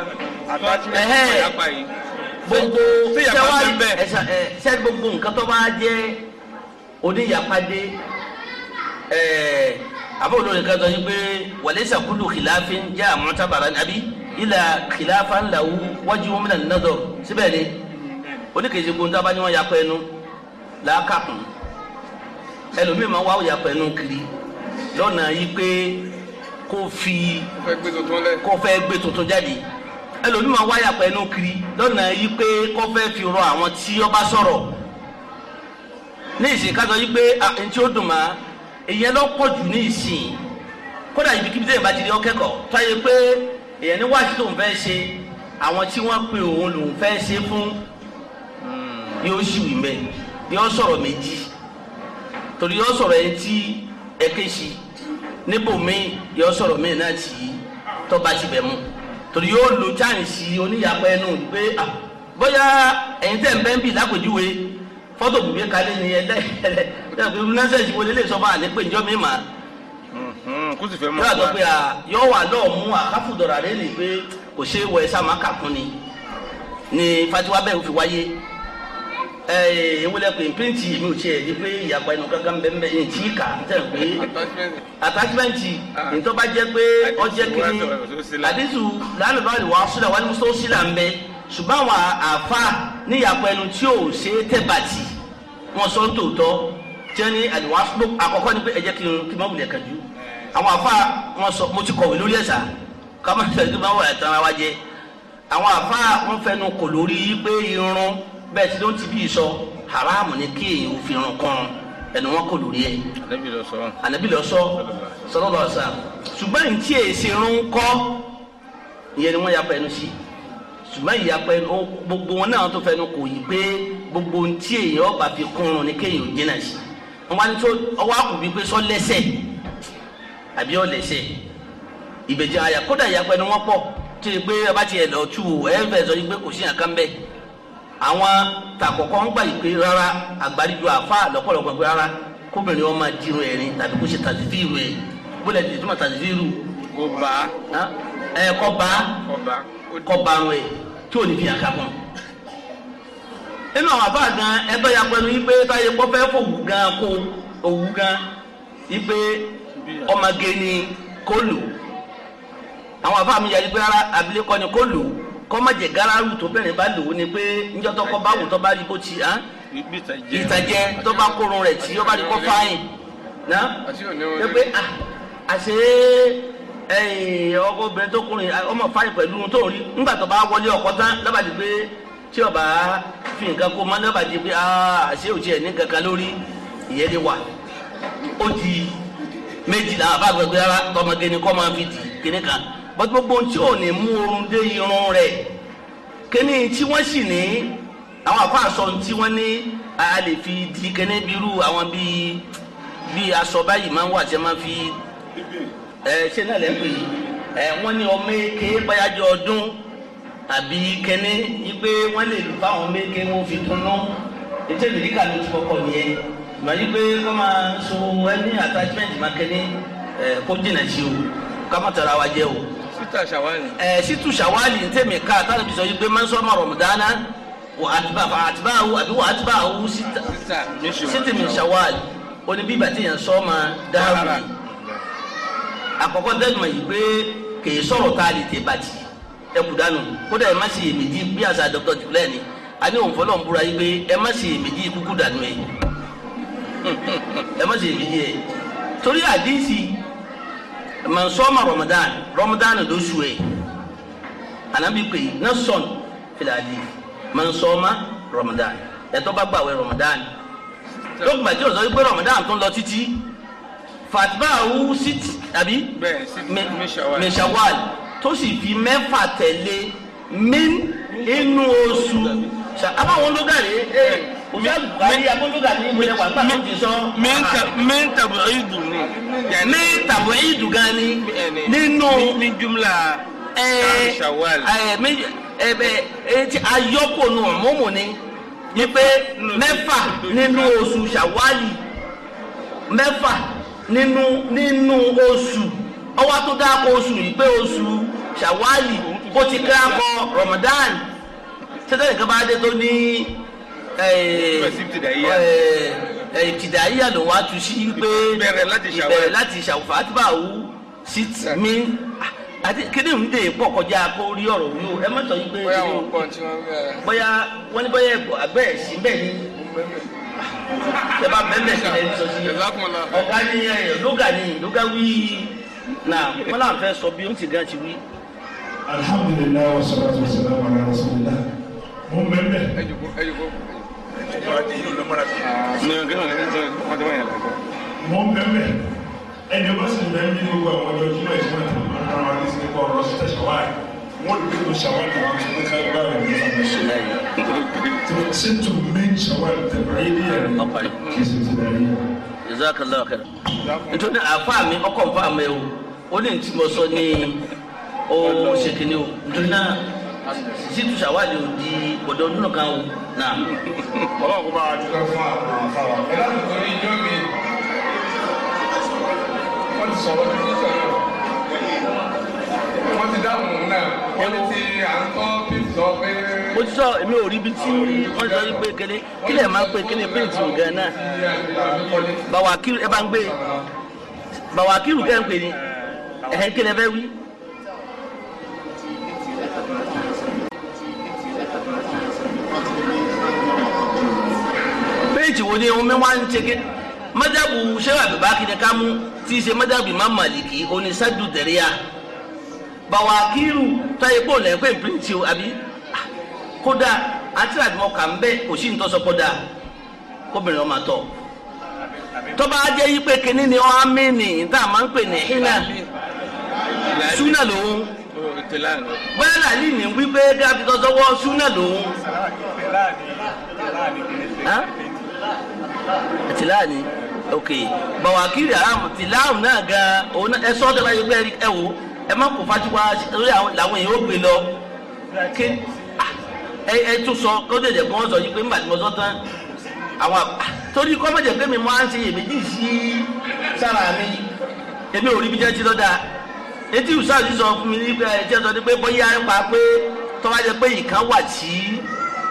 Speaker 1: gbogbo sẹ gbogbo nǹkan tó bá jẹ oníyàpàdé àbúrò lórí kan sọ yìí pé wàlẹ́sà kúlù kìláfin jẹ́ àmọ́tàbàrà àbí ilà kìláfà ńláwú wájú wọn mìíràn nínú ọ̀dọ̀ síbẹ̀ ni oníkejì gbogbo dábàá ni wọ́n yapa ẹnu làákàkùn ẹlòmíì máa wá yapa ẹnu kiri lọ́nà yìí pé kó fi kó fẹ́ gbé tuntun jáde ẹlòmíì máa wá yapa ẹnu kiri lọ́nà yìí pé kó fẹ́ fi rọ àwọn tí ó bá sọ̀rọ̀ ní ìsìn kájọ yìí pé ah, ntí ó dùn máa èyí ẹ lọ pọ̀ jù ní ìsìn kódà ibikíbi tẹ̀yìn bá ti di ọkẹ́kọ̀ọ́ táyé pé èyàn ní wáṣí tóun fẹ́ ṣe àwọn tí wọ́n pe òun lòun fẹ́ ṣe fún yóò sì wí mbẹ yóò sọ̀rọ̀ méjì torí yóò sọ̀rọ̀ ẹ tí ẹ ké sí níbo míì yóò sọ̀rọ̀ míì náà tì í tọ́ba ti bẹ̀ mu torí yóò lo chánsì oníyàpọ̀ ẹnu pé bóyá ẹ̀yin tẹ̀ ń bẹ́ ń bì lápèjúwe fọ́tò bùbí kalẹ̀ ni ẹ̀dá ẹ̀dá ẹ̀dá nọ́sẹ̀sì wọlé lè sọ fún àlẹ́ pé njọ́ mi mà
Speaker 3: mm-hmm, kó sì
Speaker 1: fẹ́ mọ́ wa yóò àtọ́ pé yóò wà lọ́ọ̀ mú àkáfùdọ̀rà rẹ̀ lè pé kò ṣeé wọ ẹ̀ sá má kà fún ni ni fatiwa bẹ́ẹ̀ fi wáyé ewúlẹ̀ pé píríǹtì mi ò tiẹ̀ di pé ìyàpá inú kankan bẹ́ẹ̀ bẹ́ẹ̀ ní tí kà ń tẹ̀ pé àtàkìmẹ́ǹtì nítorí ah. bá jẹ́ pé ọjẹ́ kiri àdísù lálùbáàlì wàá sílà wàá nímú sọ́ọ́ sílà ń bẹ ṣùgbọ́n àwọn àfa ní ìyàpá ẹnu tí ò ṣe é tẹ̀bàtì wọn sọ ń tòótọ́ tí wọ́n ní àdìwá àkọ́kọ́ ni pé ẹ̀jẹ̀ kí n má wulẹ̀ kàn jù àwọn àfa wọn sọ mo ti kọ̀wé lórí ẹ̀sà ká má sọ ìdúgbò àwọn ẹ̀tàn ara àwọn àfa wọn fẹnu kò lórí pé irun bẹ́ẹ̀ tí ló ń ti bí sọ haramu ni kí èyí òfin ràn kan ẹnu wọn kò lórí ẹ. ànábì lọ sọ. ànábì lọ sọ sọlọ́lá ọ̀sà ṣùgbọ́n ní tí èsì rún kọ́ ìyẹn ni wọ́n yapa ẹnu sí ṣùgbọ́n ìyapa ẹnu gbogbo wọn náà tó fẹnu kò yí pé gbogbo ní tí èyí ọba fi kún ni kéèyàn jìnnà sí wọn ní tó ọwọ́ àkùbí pé sọ lẹ́sẹ̀ àbí ọ̀lẹ́sẹ̀ ìbẹ̀jẹ̀ àyà kódà ìyapa ẹnu wọn pọ̀ tó yẹ pé ọba tiẹ̀ lọ́ọ́ tù ẹ̀ fẹ̀ sọ yí pé kò sí àkànbẹ́ àwọn tàkọ̀kọ́ ń gbà ìpè rárá àgbáríjọ àfa lọ́pọ̀lọpọ̀ ìpè rárá kóbìnrin ọmọ dirun ẹ̀rin tàbí kó ṣe tàdífìrù túmọ̀ tàdífìrù. kò bá ẹ kò bá kò bá ń tí ò ní fi àká kan. nínú àwọn àbá gan ẹgbẹ́ ya pẹ̀lú ipe táyé pọ́ fẹ́ fòwú gan kó kọ́mọ̀jẹ̀ gararu tó bẹ̀rẹ̀ bá lò ó ni pé níjọ́ tọkọ bá wò tó bá rí bó ti hàn ah? ìtàjẹ tó bá kórun rẹ̀ tí ó bá rí kó fáyìn náà
Speaker 2: ṣe pé
Speaker 1: ah, àṣé ọkọ obìnrin tó kórun ọmọ fáyìn pẹ̀lú ohun tó rí nígbà tó bá wọlé ọkọ tán lọ́bàdì pé tí ọba fi nǹkan kó mọ́ lọ́bàdì pé ah, àṣé òjì ẹ̀ ní kankan lórí ìyẹn lè wà ó di méjì làwọn àbá àgbẹ̀gbẹ̀ rárá tọmọge ni kọ́ máa fi dì kíní kan bọ́n gbogbo tí ò ní mú oorun dé irun rẹ̀ kíní tí wọ́n sì ní àwọn àfa àsọ tí wọ́n ní a lè fi di kíní bírú àwọn bíi bíi aṣọ báyìí máa ń wà tí a máa fi ẹ ṣé náà lẹ́ ń pè yìí ẹ wọ́n ní ọmọ eke báyájọ́ ọdún àbí kíní wípé wọ́n lè lù fáwọn ọmọ eke wọn fi dunnú ètò ìmìlíkà ló ti kọ́kọ́ nìyẹn màá pé kó máa so ẹni attachment máa kẹ́ni kó jìnnà sí o ká má tara wa jẹ́ o ṣítà ṣàwálì. ẹ ṣítù ṣàwálì tẹ̀mí ká táwọn ibi sọ yìí pé mọ́nsọ́ mọ̀ rọ̀mùdánà wà àtibáwò àbí wà àtibáwò ṣítì mi ṣàwálì oní bíbà tí yẹn sọ ma dáhùn àkọ́kọ́ dẹ́gbẹ̀mọ̀ yìí pé kì í sọ̀rọ̀ tá a lè tẹ̀ bàtì ẹ kù dànù kódà ẹ má sì èméjì bí àṣà dr jùlẹ̀ ni a ní òun fọlọ́n búra yìí pé ẹ má sì èméjì kúkú dànù ẹ ẹ má sì èméjì ẹ torí àdìsí man soma ramadan ramadan do suwe anabi pe na son filadi man soma ramadan ẹtọ bá gbàwé ramadan lọgbà tí o sọ pé ramadan tó ń lọ títí fatimahu sit àbí meshawal tó sì fi mẹ́fà tẹ̀lé min inú oṣù àbáwọn ló dàrí. Eh, min tabi'idu ni min tabi'idu gani nínú min jumla ẹẹ ẹẹ min ẹẹ eti ayọkonu ọmọmọ ni ni pé mẹ́fà nínú oṣù Ṣawali mẹ́fà nínú nínú oṣù ọwọ́ tó dáko oṣù yìí pé oṣù Ṣawali ó ti kíra kọ Ramadan ṣẹ́tẹ́ nìkan de dé tó ní. Eh, eh, ìtìdáyà ló wá tu sí pé ìbẹ̀rẹ̀ láti ṣàwùfà àtibá wú sí mi àti kéde ń dè pọ̀ kọjá kó rí ọ̀rọ̀ wí o ẹ má sọ pé bóyá wọ́n ní bóyá ẹ̀bọ̀ àgbẹ̀ sí bẹ́ẹ̀ ni
Speaker 3: ẹ bá bẹ́ẹ̀ sí ẹ
Speaker 1: sọ sí ọ̀gá ni lóga ni lóga wí na wọn náà fẹ́ sọ bí ó ti gan ti wí. alhamdulilayi wa salatu wa salam
Speaker 3: ala rasulillah
Speaker 1: mo mẹ́mẹ́. ẹ jòkó ẹ jòkó
Speaker 3: bɔra den y'o lomara bi. n'o tɛ n'o tɛ kuma caman yɛlɛ. mɔgɔ bɛ mɛ ɛ ne ba sin bɛ min wa o jɔ juma ye juma tɛmɛ an taara ni sini kɔrɔ lɔ sita sawa ye mɔgɔ de bɛ to sawa de ma ko ka ba
Speaker 1: yɛrɛ ɲɛ ka se n'a ye. se tun bɛ sawa tɛ bɛrɛ ye ne yɛrɛ ma pari. kisi ti da ye. jazakallah khair nítorí àfa mi ọkọ̀ nfa mi o ó ní ntí mo sọ ní ó ṣe kìnìún nítorí náà zitu sawali o di ọdọ ọdún kan o na. ọlọ́run kò bá a dúpẹ́ fún àwọn afárá ẹ láti tó ní ijó mi wọ́n ti sọ̀rọ̀ ní sísọ náà wọ́n ti dáhùn náà wọ́n ti à ń kọ́ pípọ̀ pé. mo ti sọ èmi ò rí ibi tí wọ́n sọ wípé kéde kí lè máa pé kéde péǹtì ògàn náà bàwà kírù ẹ bá ń gbé bàwà kírù kẹ́ ń pè ní ẹ̀hẹ́n kí lè fẹ́ wí. méjèèjì wo ni ohun mi wá ń ṣe ké mọ́jábù sẹ́wà bàbá kìnìkà mú tí í ṣe mọ́jábù Imam Màlìkì oníṣẹ́dù dẹ̀ríà bàwákìrù táyé pò lẹ́kọ́ ìpíríntì o àbí ah, kódà àti àdìmọ́ kà ń bẹ́ kò sí ní tọ́sọ kódà kóbìnrin ọmọ àtọ̀ tọ́ba ajẹ́ yí pé kínní ni ọ́n á mí nì tá a máa ń pè ní hínà súnà lòun bẹ́ẹ̀ làlí ni wípé kí a fi tọ́sọ́wọ́ súnà lòun tìlá ok bawakiri haram tìlá náà gan òun ẹ sọ ọdọ láyé gbẹ ẹ wò ẹ má kó fatiwa lórí làwọn èèyàn ó gbé lọ ké ah, ẹ ẹ tún sọ kó dèjẹ kó wọn sọ yìí pé mbàdí mọ sọtán àwọn torí kọ́ mọ̀jẹ̀ pé mi máa ń ṣe èméjì sí sára mi èmi ò rí bí jẹ́ ti lọ́dà etí ìsáàjì sọ fún mi ní pé ẹ jẹ́ sọ ni pé bóyá ẹ pa pé tọ́wájẹ pé ìkan wà tí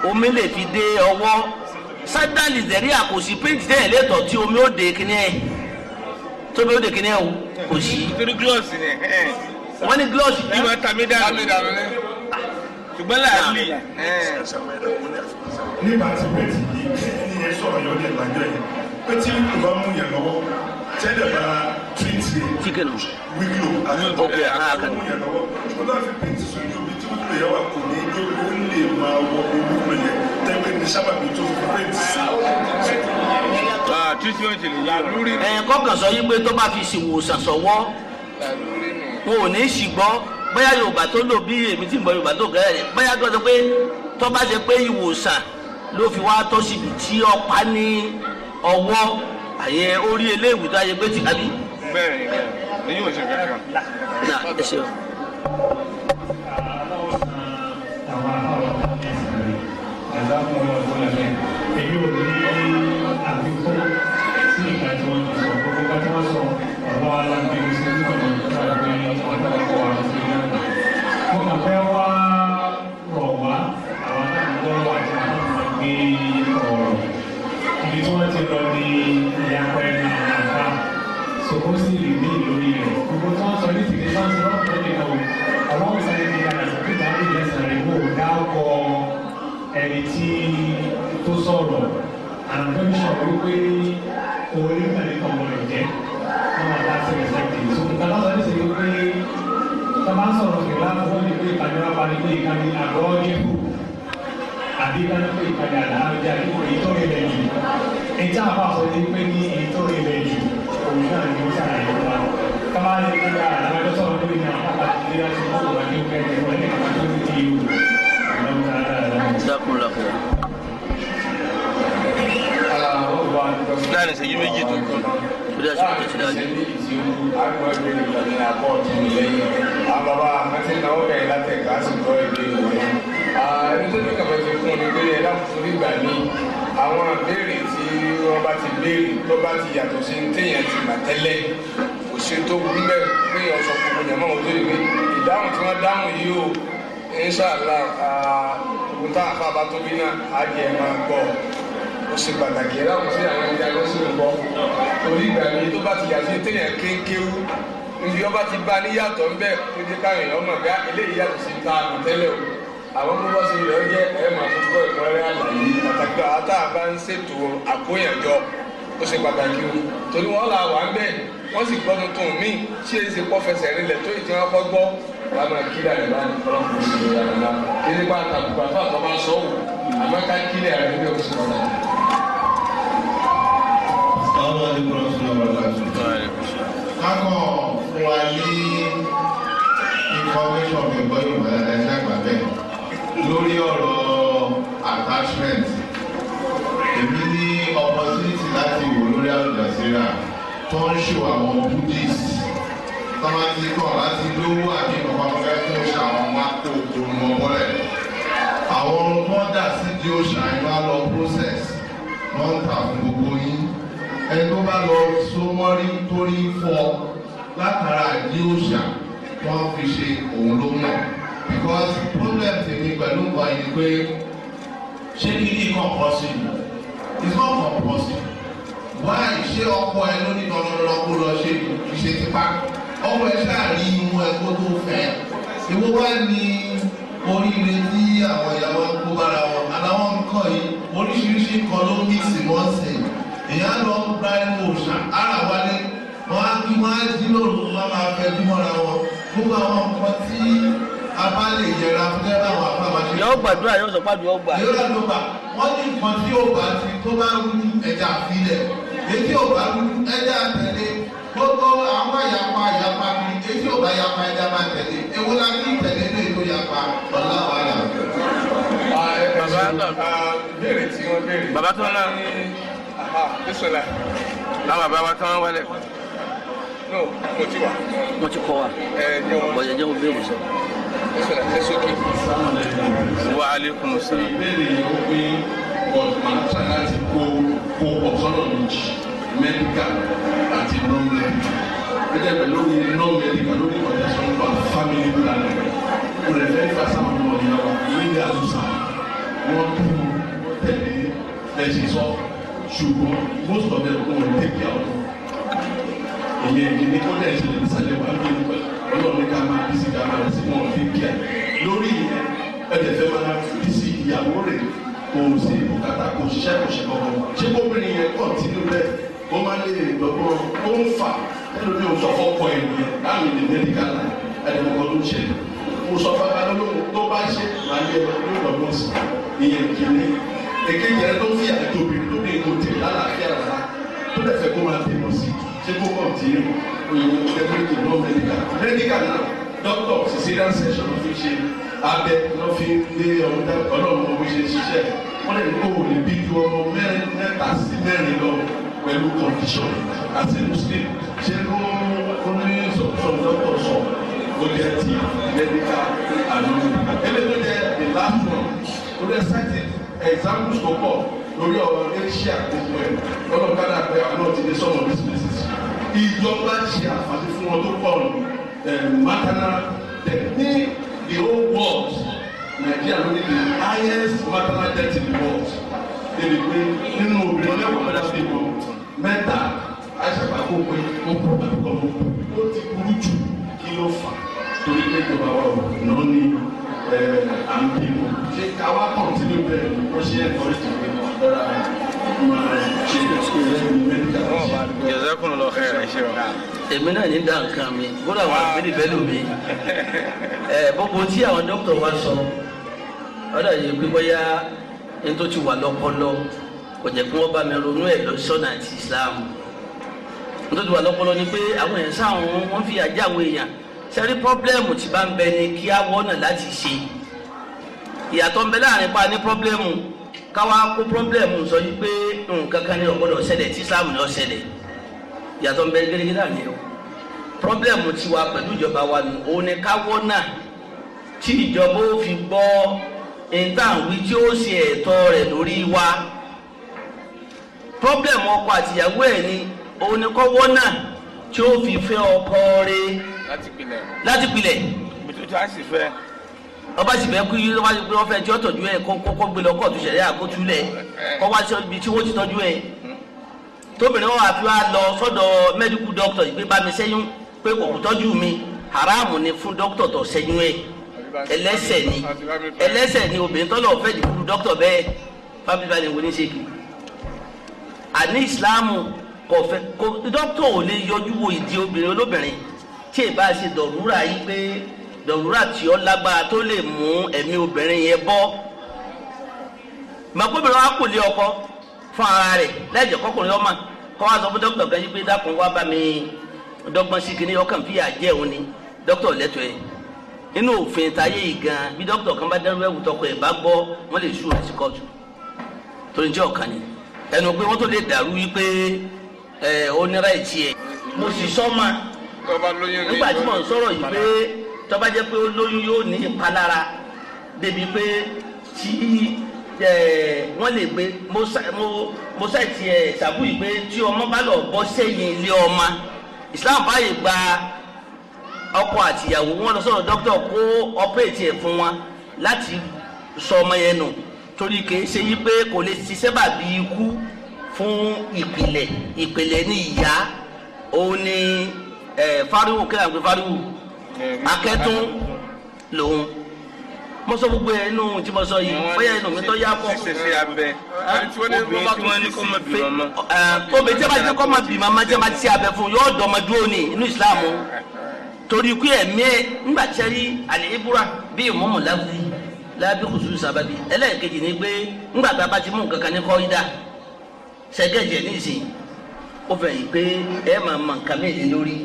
Speaker 1: omi lè fi dé ọwọ́ sandali zẹ̀rí àkòsí péjì tẹ̀ lẹ́tọ̀ tí omi ó de kíní ẹ̀ tómi ó de kíní ẹ̀ o kò sí. nítorí gílọ́ọ̀sì ni eh, eh. wọ́n ní gílọ́ọ̀sì. bí wọ́n ta mí dànù mí dànù eh. ní. ṣùgbọ́n làálì.
Speaker 3: nígbà tí péjì yìí
Speaker 1: ní ẹ sọ̀rọ̀ yóò lè gbàjọ́ yẹn
Speaker 3: péjì kò bá mú yẹn lọ́wọ́ tẹ́lẹ̀ bá tírìtì yẹn. fíkẹ́lù. wíkìlù àti ọ̀kẹ́ àkàkà. mú yẹn lọ́wọ́
Speaker 1: Ah, ẹ̀yìn kọ́kàn sọ yí pé tó bá fi ṣèwòsàn sọ̀wọ́ wọn ò ní ṣìgbọ́ bóyá yorùbá tó lò bí èmi tí ń bọ yorùbá tó gẹ́rẹ́ rẹ̀ bóyá tó sọ pé tó bá ṣe pé ìwòsàn ló fi wá tó síbi tí ọ̀pá ní ọwọ́ àyẹ orí eléwì tó ayé pé ti àbí. bẹ́ẹ̀ ni bẹ́ẹ̀ ni ṣe kankan. na ẹ ṣeun
Speaker 3: ẹ̀dá fún ọmọ ẹni tí tó sọ̀rọ̀ àlàfẹ́mísọ̀ wípé orí mẹ́rin kan wọ̀ ẹ̀jẹ̀ wọn máa bá sí rẹ̀sẹ̀tì so nǹkan lọ́sọ̀ ní sèké
Speaker 2: pé sábà ń sọ̀rọ̀ kìlá fún mi pé ìpàdé wa parí pé ìkàdé àgọ́ níbù àbí ká ló pé ìpàdé àlàáfíà kí èyí tó rí lẹ́yìn jù èyí tá a bá sọ pé ní èyí tó rí lẹ́yìn jù òun náà
Speaker 1: ni ó ṣàlàyé fún wa kábàá lè gbé àlàáfíà sọ̀rọ̀ wá di ìlú dákúnlá.
Speaker 2: láàrin ìṣẹ́jú méjì tó kù tó dá ṣùgbọ́n tó ti dájú. àwọn bàbá tí wọ́n bá ti béèrè tó bá ti yàtọ̀ sí téèyàn ti mà tẹ́lẹ̀ kò ṣe tó burú bẹ́ẹ̀ pé ọ̀sán kòkòrò yàmọ́ wọn tó lè ìdáhùn tí wọ́n dáhùn yìí ó ń ṣàlà nta àfàbà tóbi náà á jẹ máa gbọ́ ó ṣe pàtàkì ẹ láwọn sí àwọn ẹja lọ sí ìbọ torí ìgbà mi tó bá ti yà sí téèyàn kéńkéwú níbi ọba ti bá níyàtọ̀ ń bẹ̀ ó jẹ́ káwọn èèyàn mọ̀ bá ah, eléyìí yàtọ̀ sí ta àmọ̀ tẹ́lẹ̀ o àwọn tó bọ́ sí ilẹ̀ ó jẹ́ ẹ máa fún gbọ́ ìkọ́rẹ́ àlàyé pàtàkì àwọn tá a bá ń ṣètò àkóyànjọ ó ṣe pàtàkì o torí wọn là wà ń bẹ̀ wọ́n sì gbọ́ tuntun míì ṣé é ṣe pọ́ fẹsẹ̀ rinlẹ̀ tó ìtì kọ́ gbọ́ wàá máa kí lẹ́yìn náà ní kọ́lọ́ kò sí ìyá rẹ̀ náà kí nípa àtàkùn àfa àtọ́ bá sọ wò àmọ́ ká kí lẹ́yìn rẹ̀ ní oṣù kọ́lá.
Speaker 3: sábà ní kúrò sí ọ̀rọ̀ láti. kákọ̀ fún wa ní information mi gbọ́ yóò bá ẹ ṣàgbà bẹ́ẹ̀ lórí ọ̀rọ̀ attachment èmi ní opportunity láti wò lórí àlùjàsíra tó ń ṣe àwọn buddhist tọ́ba ti kọ̀ láti lówó àbí bàbá fẹ́ fún òòṣà àwọn máa kó ogun wọn bọ́lẹ̀. àwọn ohun tó ń dà sí di òòṣà yìí wá lọ process wọ́n ń tà fún gbogbo yín. ẹni tó bá lọ sómọ́rí torí fọ látara di òòṣà wọ́n fi ṣe òun ló mọ̀. because problem tèmi pẹ̀lú nǹkan yìí pé ṣé kí ní kọ̀ọ̀kan sí i it's not compulsory why ṣé ọkọ ẹ ló ní dandan lọ kó lọ ṣe ìṣe ọwọ́ ẹ ṣáàrí inú ẹ̀kọ́ tó fẹ́ ìwọ wá ní oríire tí àwọn ìyàwó ń kó bára wọn aláwọ̀ ń kọ́ yìí oríṣiríṣi kan ló ní ìsìnmọ́sìn èèyàn lọ ń gba ẹnu òòṣà ara wálé wọn á kí wọn á jí lóru wọn máa fẹ́ dúmọ́ra wọn gbogbo àwọn nǹkan tí a bá lè yẹra fẹ́ báwọn àbáwájú. yóò gbàdúrà yóò sọ pàdé ọgbà. yóò lọ gbà wọn ní nǹkan tí ó bá ti tó bá ń ẹja àfilẹ̀ èyí tí bá ń ẹja àtẹlé gbogbo àwọn yapa yapa èyí ò bá yapa ẹja máa tẹ̀lé ewu la kí tẹ̀lé ní
Speaker 2: ètò yapa ọ̀la wà là. Ah, ah, béèrè tí wọ́n béèrè. bàbá tó ń lọ. bísọ̀lá. láwọn bàbá wa tán wọlé. no mo ti wà. mo ti kọ wa. ẹ jẹ́ wọn. bọ̀dẹ̀ jẹ́ wọn bí mo sọ. bísọ̀lá ẹ sókè. wa aleykum salaam. ìbéèrè yìí ó pé ọ̀gbìn ṣáná ti kó kó ọ̀sọ́nà méjì
Speaker 3: mẹ́díkà àti nọ́mẹ́díkà ẹ̀jẹ̀ pẹ̀lú nọ́mẹ́díkà lórí kọ̀jẹ́sọ̀ nípa family planning kò lè fẹ́ fà sáwọn ọmọ ìyá wa lórí àlùsà wọ́n tó tẹ̀lé ẹ̀sìn sọ ṣùgbọ́n most of them kò wọ́n tẹ̀lé àwọn ìyẹn ìdílé kó lè ṣe ìsàlẹ̀ wà ní ìlú ọlọ́run ká máa bí sí ká máa sí wọn fi bí ẹ lórí ìyẹn ẹ̀jẹ̀ fẹ́ máa bí sí ìyàwó rẹ̀ kò sí bùkátà kò ṣiṣẹ́ kò ṣe kọ̀ọ̀kan ṣé kóbìnrin yẹn kọ̀ tínú bẹ́ẹ̀ ó máa ń lé ìgbàgbọ́ tó ń fà nínú mi ò sọ fọ́pọ̀ ènìyàn láàmì lè ní ẹ̀dí kálá ẹ̀dẹ̀mọ̀kọ tó ń ṣe mo sọ fún Balógun tó bá ṣe máa yẹ ló lọ mọ́ sí ìyẹn kìíní èkejì ẹ tó fi àjòbí tó ní kò tè lálàáfíà rárá tó dẹ̀ fẹ́ kó máa bímọ sí ṣé kó kàn tí ní òyìnbó ẹgbẹ́rẹ́kì náà mẹ́díkà mẹ́díkà náà dókítà cesarean section ló fi ṣe abẹ ló fi lé ọlọ́run ọmọ bó ṣe ṣiṣẹ́ wọ́n lè ní kó wò lè bí ju ọmọ mẹ́ta sí mẹ́rin lọ pẹ̀lú condition as a muslim ṣe ló ń ní sọ̀tún sọ ó jẹ́ ti medical alone eléyìí jẹ́ the last one ó set cite examples tó pọ̀ lórí ọ̀rọ̀ asia gbogbo ẹ̀ ọlọ́kadà pé àwọn ti dé sọ́mọ businesses ìjọba ṣe àǹfààní fún wọn tó pọ̀ eh, maternal death ní the whole world Nigeria ló ní the highest maternal death in the world débi pé nínú obìnrin mẹ́wàá mẹ́ta sí ìgbòho mẹ́ta àṣàpá gbogbo òkú àbúkọ ó ti burú jù kí ló fà torí pé ìjọba wa ò ná ní à ń bímọ ṣé káwá kọ̀ǹtínú bẹ́ẹ̀ wọ́n ṣe ẹ̀kọ́ ìjọba lọ́ra
Speaker 1: jẹsẹkun lọ xẹ rẹ ṣe wa. èmi náà ní dànkan mi bóra wà bẹ́ẹ̀ni bẹ́ẹ̀ lómi ẹ bọ́bọ tí àwọn dókítà wa sọ ọ̀dà yìí pé bóyá ẹni tó ti wà lọ́kọ́lọ́ kò jẹ́ kí wọ́n bá mi ronú ẹ̀ lọ́sọ̀nà àti Islam nítorí wà lọ́pọ̀lọ́ ni pé àwọn èèyàn sáwọn wọ́n fi àjẹ́ àwọn èèyàn sẹ́rí pọ́blẹ́mù tí bá ń bẹ ni kí á wọ́nà láti ṣe ìyàtọ̀ ń bẹ láàrin pa ní pọ́blẹ́mù káwa kó pọ́blẹ́mù sọ yí pé nǹkan kan ní ọ̀gbọ́dọ̀ ṣẹlẹ̀ tí Islam ní ó ṣẹlẹ̀ ìyàtọ̀ ń bẹ gẹ́gẹ́ láàrin o pọ́blẹ́mù tiwa pẹ̀lú ìjọba wa nù òun ni ká wọ́nà tí ìjọba ó fi gbọ́ ìtàwí tí ó ṣe ẹ̀tọ́ rẹ̀ lórí wa problem ọkọ àtìyàwó ẹ̀ ni òun ni kọ́ wọ́nà tí ó fi fẹ́ ọkọ rẹ̀ láti pilẹ̀. ọba sì fẹ́ kú yí ọba sì pé wọ́n fẹ́ tí ó tọ́jú ẹ̀ kọ́kọ́ gbé lọ kóòtù ṣẹ̀ríà àkótú lẹ̀ kọ́ wá sí ibi tí wọ́n ti tọ́jú ẹ̀ tóbìnrin wọn àfi wá lọ sọ́dọ̀ medical doctor yìí pé bá mi ṣẹ́yún pé kò tọ́jú mi haramu ni fún doctor tó ṣẹ́yún ẹ̀ ẹlẹ́ṣẹ̀ ni ẹlẹ́ṣẹ̀ ni obìnrin tọ́lọ̀ fẹ́ dìbò doctor bẹ́ẹ̀ fábíbá ni wọ́n ní ṣe kiri àní ìsìláàmù kò fẹ́ kò ò lè yọjú wo ìdí obìnrin olóbìnrin tí ì bá ṣe dọ̀rúrà yìí pé dọ̀rúrà tí ó lágbára tó lè mú ẹ̀mí obìnrin yẹn bọ́ mọ̀kóbìnrin wa kò lé ọkọ fún ara rẹ̀ lẹ́jẹ̀ kọkùnrin ọmọ kọ́ wa sọ fún dókítà kan yìí pé dákun wá bá mi dọ́gbọ́n sí kìnìún ọkàn fìyà jẹ́ òun ni dókítà lẹ́tọ̀ọ́ yẹn inú òfin táyé yìí gan bí dókítà kan bá dẹrù ẹwù tọkọ ẹ bá gbọ́ wọn lè sùn àti kóòtù torí jẹ ọkàn ni ẹnu pé wọ́n tó lè dàrú wípé ẹ onírà ìtì ẹ̀ mo sì sọ ma nígbà tí mo ń sọ̀rọ̀ yìí pé tó bá jẹ́ pé ó lóyún yóò ní ìpalára débi pé tí wọ́n lè gbé mo ṣàìtì ẹ̀ ṣàbù yìí pé tí ọmọ bá lọ bọ́ sẹ́yìn ilé ọmọ Islam báyìí gba ọkọ àtìyàwó wọn lọ sọ̀rọ̀ dókítà kó ọpẹ́ẹ̀tì ẹ̀ fún wọn láti sọ ọmọ yẹn nù. No torí kìí ṣe yí pé kò lè ṣiṣẹ́ bàbí ikú fún ìpìlẹ̀ ìpìlẹ̀ ní ìyá òun ni fariwo kí àgbẹ̀ fariwo akẹ́tún lòun mo sọ gbogbo ẹ inú tí mo sọ yìí bóyá inú mi tó yá pọ̀ obìnrin tí a bá jẹ́ kó máa bì máa máa jẹ́ máa ti abẹ fún yóò dọ́mọ dúró ni inú ìsìlámù torí ikú ẹ̀mí ẹ̀ ńgbà tí a rí àlè ibura bí ìmọ̀mọ̀ láwùjọ lábẹ́ kùsù sábàbí ẹlẹ́ẹ̀kejì ni pé ńgbà tá a bá ti mú nǹkan kan ní kọ́ídà ṣẹ́gẹ̀jẹ̀ nísìnyí ó fẹ́ yìí pé ẹ máa mọ nǹkan mẹ́rin lórí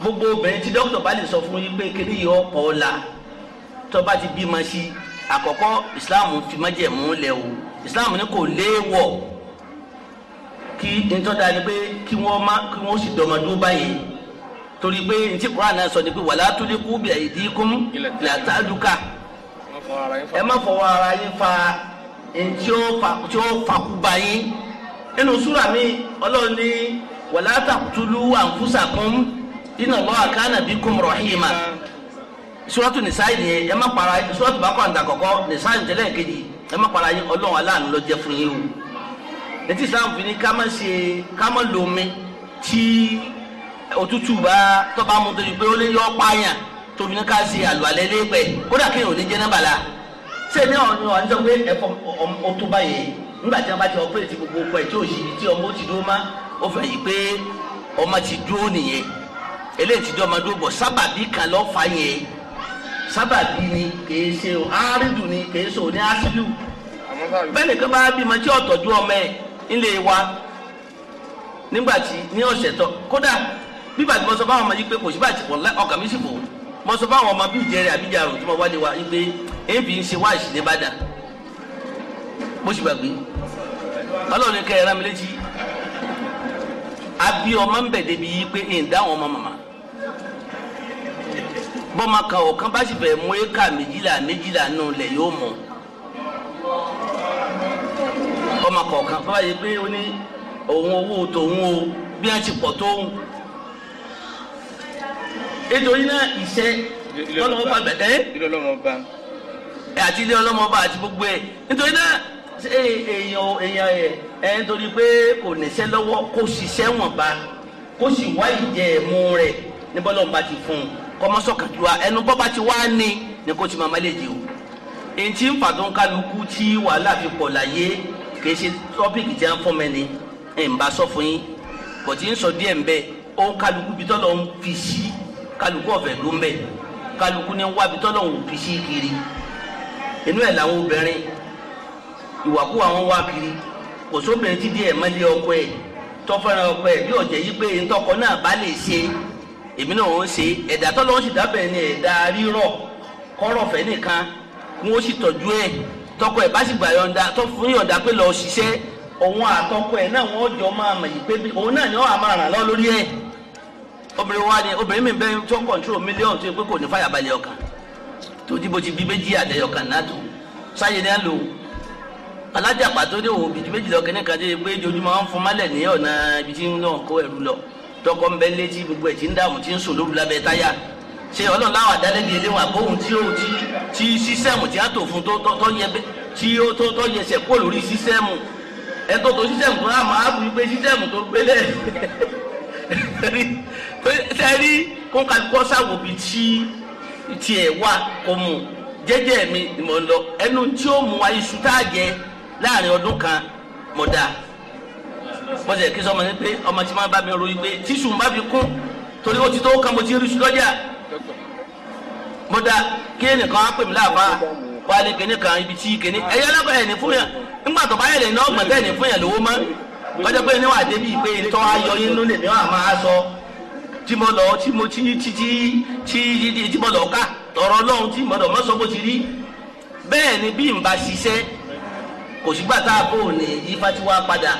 Speaker 1: gbogbo obìnrin tí dókítà bá lè sọ fún yín pé kiri yìí ọ̀pọ̀ ọ̀la tó bá ti bímọ sí àkọ́kọ́ ìsìláàmù fi májẹ̀mú lẹ̀ o ìsìláàmù ni kò léèwọ̀ kí nítorí dáa ni pé kí wọ́n má kí wọ́n sì dọ́mọdún báyìí torí pé ntí Kùránì sọ ni pé wàlá tó lè kú bí àyè kún ìlà tá a dùn ẹ má fọwọ́ ara yín fa ntí ó fakú ba yín nínú súrà mi ọlọ́run ní wala taqtulu anfusakum inna Allaha kana bikum rahima suratu nisa'i yẹn ẹ má para suratu Baqara àkọ́kọ́ nisa'i tẹ́lẹ̀ kejì ẹ má para yín ọlọ́run aláàánú ló jẹ́ fún yín o ètí islam fi ni ká má ṣe ká má lo omi tí òtútù bá tọ́ bá mu tó yìí pé ó lé yọ ọ́ pààyàn tóbi ní ká ṣe àlùalẹ́ lépẹ̀ kódà kí òní jẹ́ nọ́mbà la ṣé ní ọ̀nà ọ̀nà sọ pé ẹ̀fọ́ ọtú báyìí nígbà tí wọ́n bá ti ọpẹ́rẹ́ ti gbogbo ọkọ̀ ẹ̀ tí ò sí ibi tí ọmọ ti dúró má ó fẹ́ yìí pé ọmọ ti dúró nìyẹn eléyìí ti dúró ọmọ dúró bọ̀ sábàbí kan lọ́ fà yẹn sábàbí ni kìí ṣe árídù ni kìí ṣe òní ásílù bẹ́ẹ̀ nìkan bá bímọ tí ọ̀tọ̀jú ọmọ ẹ̀ ńlẹ̀ wa nígbà tí ní ọ̀sẹ̀ tọ́ kódà bíbà tí ọmọ yìí pé kò sí bá ti pọ̀ ọkàn mi sì bò ó mo sọ fáwọn ọmọ bíi ìjẹrin àbí ìjà àrùn tí mo wálé wa wípé èébì ń ṣe wá ìṣìlẹ̀ Ìbàdàn mo sì gbàgbé Ọlọ́run ní kẹrẹ rámi létí àbí ọmọ ń bẹ̀ débi yìí pé èèyàn dáhùn ọmọ màmá bọ́mọ kan ọ̀kan bá sì fẹ́ mú éka méjìlá méjìlá nù lẹ̀ yóò mọ̀ ọmọ kọ̀ọ̀kan bá yẹ pé ó ní òun owó tòun o bí wọ́n ti pọ̀ tóun nítorí náà ìṣe lọ́lọ́mọ bá bẹ̀ẹ́ àti ilé ọlọ́mọ bá àti gbogbo ẹ̀ nítorí náà èèyàn èèyàn ẹ̀ ẹ̀ nítorí pé kò níṣẹ́ lọ́wọ́ kó ṣiṣẹ́ wọ̀n ba kó sì wá ìjẹ ẹ̀mú rẹ̀ níbọ́lọ́mọ bá ti fún un kọ́mọ́sọ̀kàdúrà ẹnu bọ́ba ti wá ní ni kó ti máa má lè jẹ o èyí tí ń fàtó ń kálukú tí wàhálà fi pọ̀ láyé kì í ṣe tọ́pìkì tí a ń fọ́ mẹ́ni ẹ̀ ń bá sọ fún yín kò tí ń sọ díẹ̀ ń bẹ́ẹ̀ ó ń kálukú bí tọ́lọ́ ń fi sí kálukú ọ̀fẹ́ ló ń bẹ̀ kálukú ní wábi tọ́lọ̀ ń fi sí kiri inú ẹ̀ làwọn obìnrin ìwàkúwà wọn wá kiri kò sóbìnrin ti di ẹ̀ mẹ́lẹ́ ọkọ ẹ̀ tọ́fẹ́ràn ọkọ ẹ̀ bí ọ̀jẹ̀ yí pé ntọ́kọ náà bá lè ṣe èmi náà ń ṣe ẹ̀dá tọ́lọ̀ ń sì dábẹ̀ ni ẹ̀dá rírọ̀ kọ́rọ̀fẹ́ nìkan wọn ó sì tọ́jú ẹ̀ tọkọ ẹ̀ bá sì gbà yọ̀ǹda pé lọ́ọ́ ṣiṣẹ́ òun àtọkọ ẹ̀ náà wọ́n jọ máa mọ̀ yìí pé òun náà ni wọ́n á máa lórí ẹ̀ obìnrin wa ni obìnrin mi bẹ́ẹ̀ tó ń kọ̀ntró mílíọ̀nù tó yẹ pé kò ní fàyàbalẹ̀ ọkàn tó dìbò ti bí méjì àlẹ́ ọkàn náà tó sáyé ni à ń lò alájà pàtó ní òwò bìtì méjì lọ́kàn ní kàdé pé ojoojúmọ́ wọn fún ní ọ̀nà ibi tí ń lọ kó lọ tọkọ ń bẹ létí gbogbo ẹ̀ tí ń dààmú tí ń sùn lóru lábẹ́ táyà ṣe ti ti sísẹ́mù tí á tò fún tó yẹ tí ó tó lórí sísẹ́mù ẹ̀ tó tó sísẹ́mù tó máa pé sẹ́rí kó kọ́ tí tiẹ̀ wà kó mu jẹ́jẹ́ mi lọ ẹnu tí ó mu ayé láàrin ọdún kan mo dá mo sì kí ma ní pé ọmọ tí máa bá mi pé tíṣù fi kún torí ó ti tó mo ti rí mo kí ẹnìkan á ibi tí kíní ẹ̀yẹ ẹ̀ ní fún tó bá lẹ́yìn náà ọgbọ̀n tẹ̀ ní fún lówó mọ́ ọjọ́ pé tí mo lọ tí mo tí tí tí tí tí mo lọ ká ọ̀rọ̀ Ọlọ́run tí mo lọ mọ sọ bó ti rí bẹ́ẹ̀ ni bí n bá ṣiṣẹ́ kò sígbà tá a bò ní ifá tí wàá padà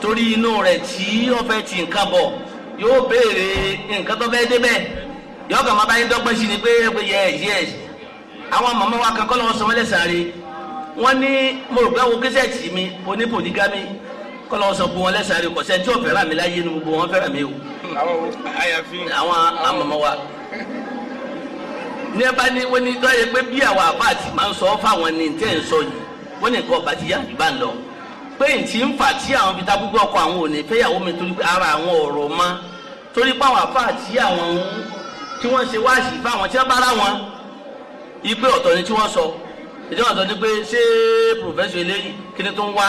Speaker 1: torí inú rẹ̀ tí ó fẹ́ ti nǹkan bọ̀ yóò béèrè nǹkan tó fẹ́ débẹ̀ yóò kàn máa bá yín dọ́gbọ́n sí ni pé ẹ pé yes yes àwọn màmá wa kan kọ́ lọ́wọ́ sọmọlẹ́sàárẹ̀ wọ́n ní mo rò pé àwọn kẹsẹ̀ tì mí onípòdígámì kọlọ sọ bu wọn lẹsẹ àríkọ sẹ tí o fẹ́ràn mi láyé nu gbogbo wọn fẹ́ràn mi o. àwọn àyàfi. àwọn amọ̀mọ́ wa. ní ẹ bá ní wọ́n ní tọ́ yẹ pé bí àwọn àbá àti máa ń sọ fáwọn ní tẹ́ ń sọ yìí wọ́n ní nǹkan ọba ti yá ìbá ń lọ. pé n ti ń fà tí àwọn fi ta gbogbo ọkọ àwọn òní fẹ́yàwó mi torí pé ara àwọn ọ̀rọ̀ mọ́ torí pé àwọn àbá àti àwọn ohun tí wọ́n ṣe wáàsí fáwọn tí wọ́n bá rá wọn ìgbé ọ̀tọ̀ ni tí wọ́n sọ ìjọba ọ̀tọ̀ ni pé ṣé pòfẹ́sọ̀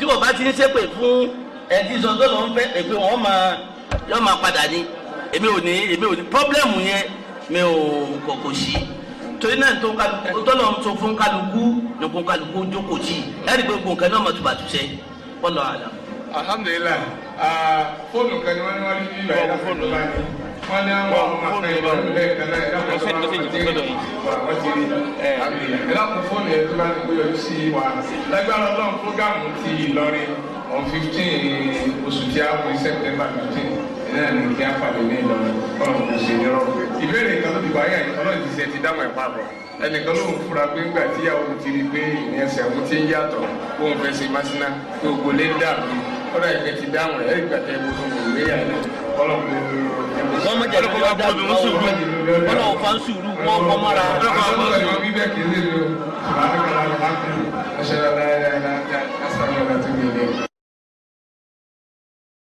Speaker 1: tí o bá ti ń ṣépè fún ẹtí sọ tó lọ ń fẹ́ èpè wọn m'a yọ máa padà ní èmi ò ní èmi ò ní pọ́blẹ́mù yẹn mi ò kọ̀kọ̀ sí torí náà tó lọ ń sọ fún kálukú ní kó kálukú jókòó sí ẹ̀rí pé gbọ̀ǹkan náà mọ̀ tó bàtú sẹ́ wọ́n lọ àlà. alhamdulilayi ah, fóònù kan ni wọ́n ní wọ́n
Speaker 2: rí bí fóònù báyìí wọn ní àwọn ọmọ afẹ ìbámu lẹ́ẹ̀kan náà ẹ̀dá ẹnìkan ló ń fura pé ńgbà tíyàwó ti rí pé ìyẹn ẹsẹ̀ òun ti ń yàtọ̀ òun fẹ́ ṣe máṣínà tó gbolé dàbí ọ̀rọ̀ ìfẹ́ ti dáhùn ẹ̀ ẹ̀gbà tẹ́ gbogbo ìgbéyàwó ọlọ́run wọn mọ jẹrẹ wọn dá wọn sùúrù wọn náà fa
Speaker 1: sùúrù wọn kọ mọra.
Speaker 3: ọlọ́pàá wọn sùúrù.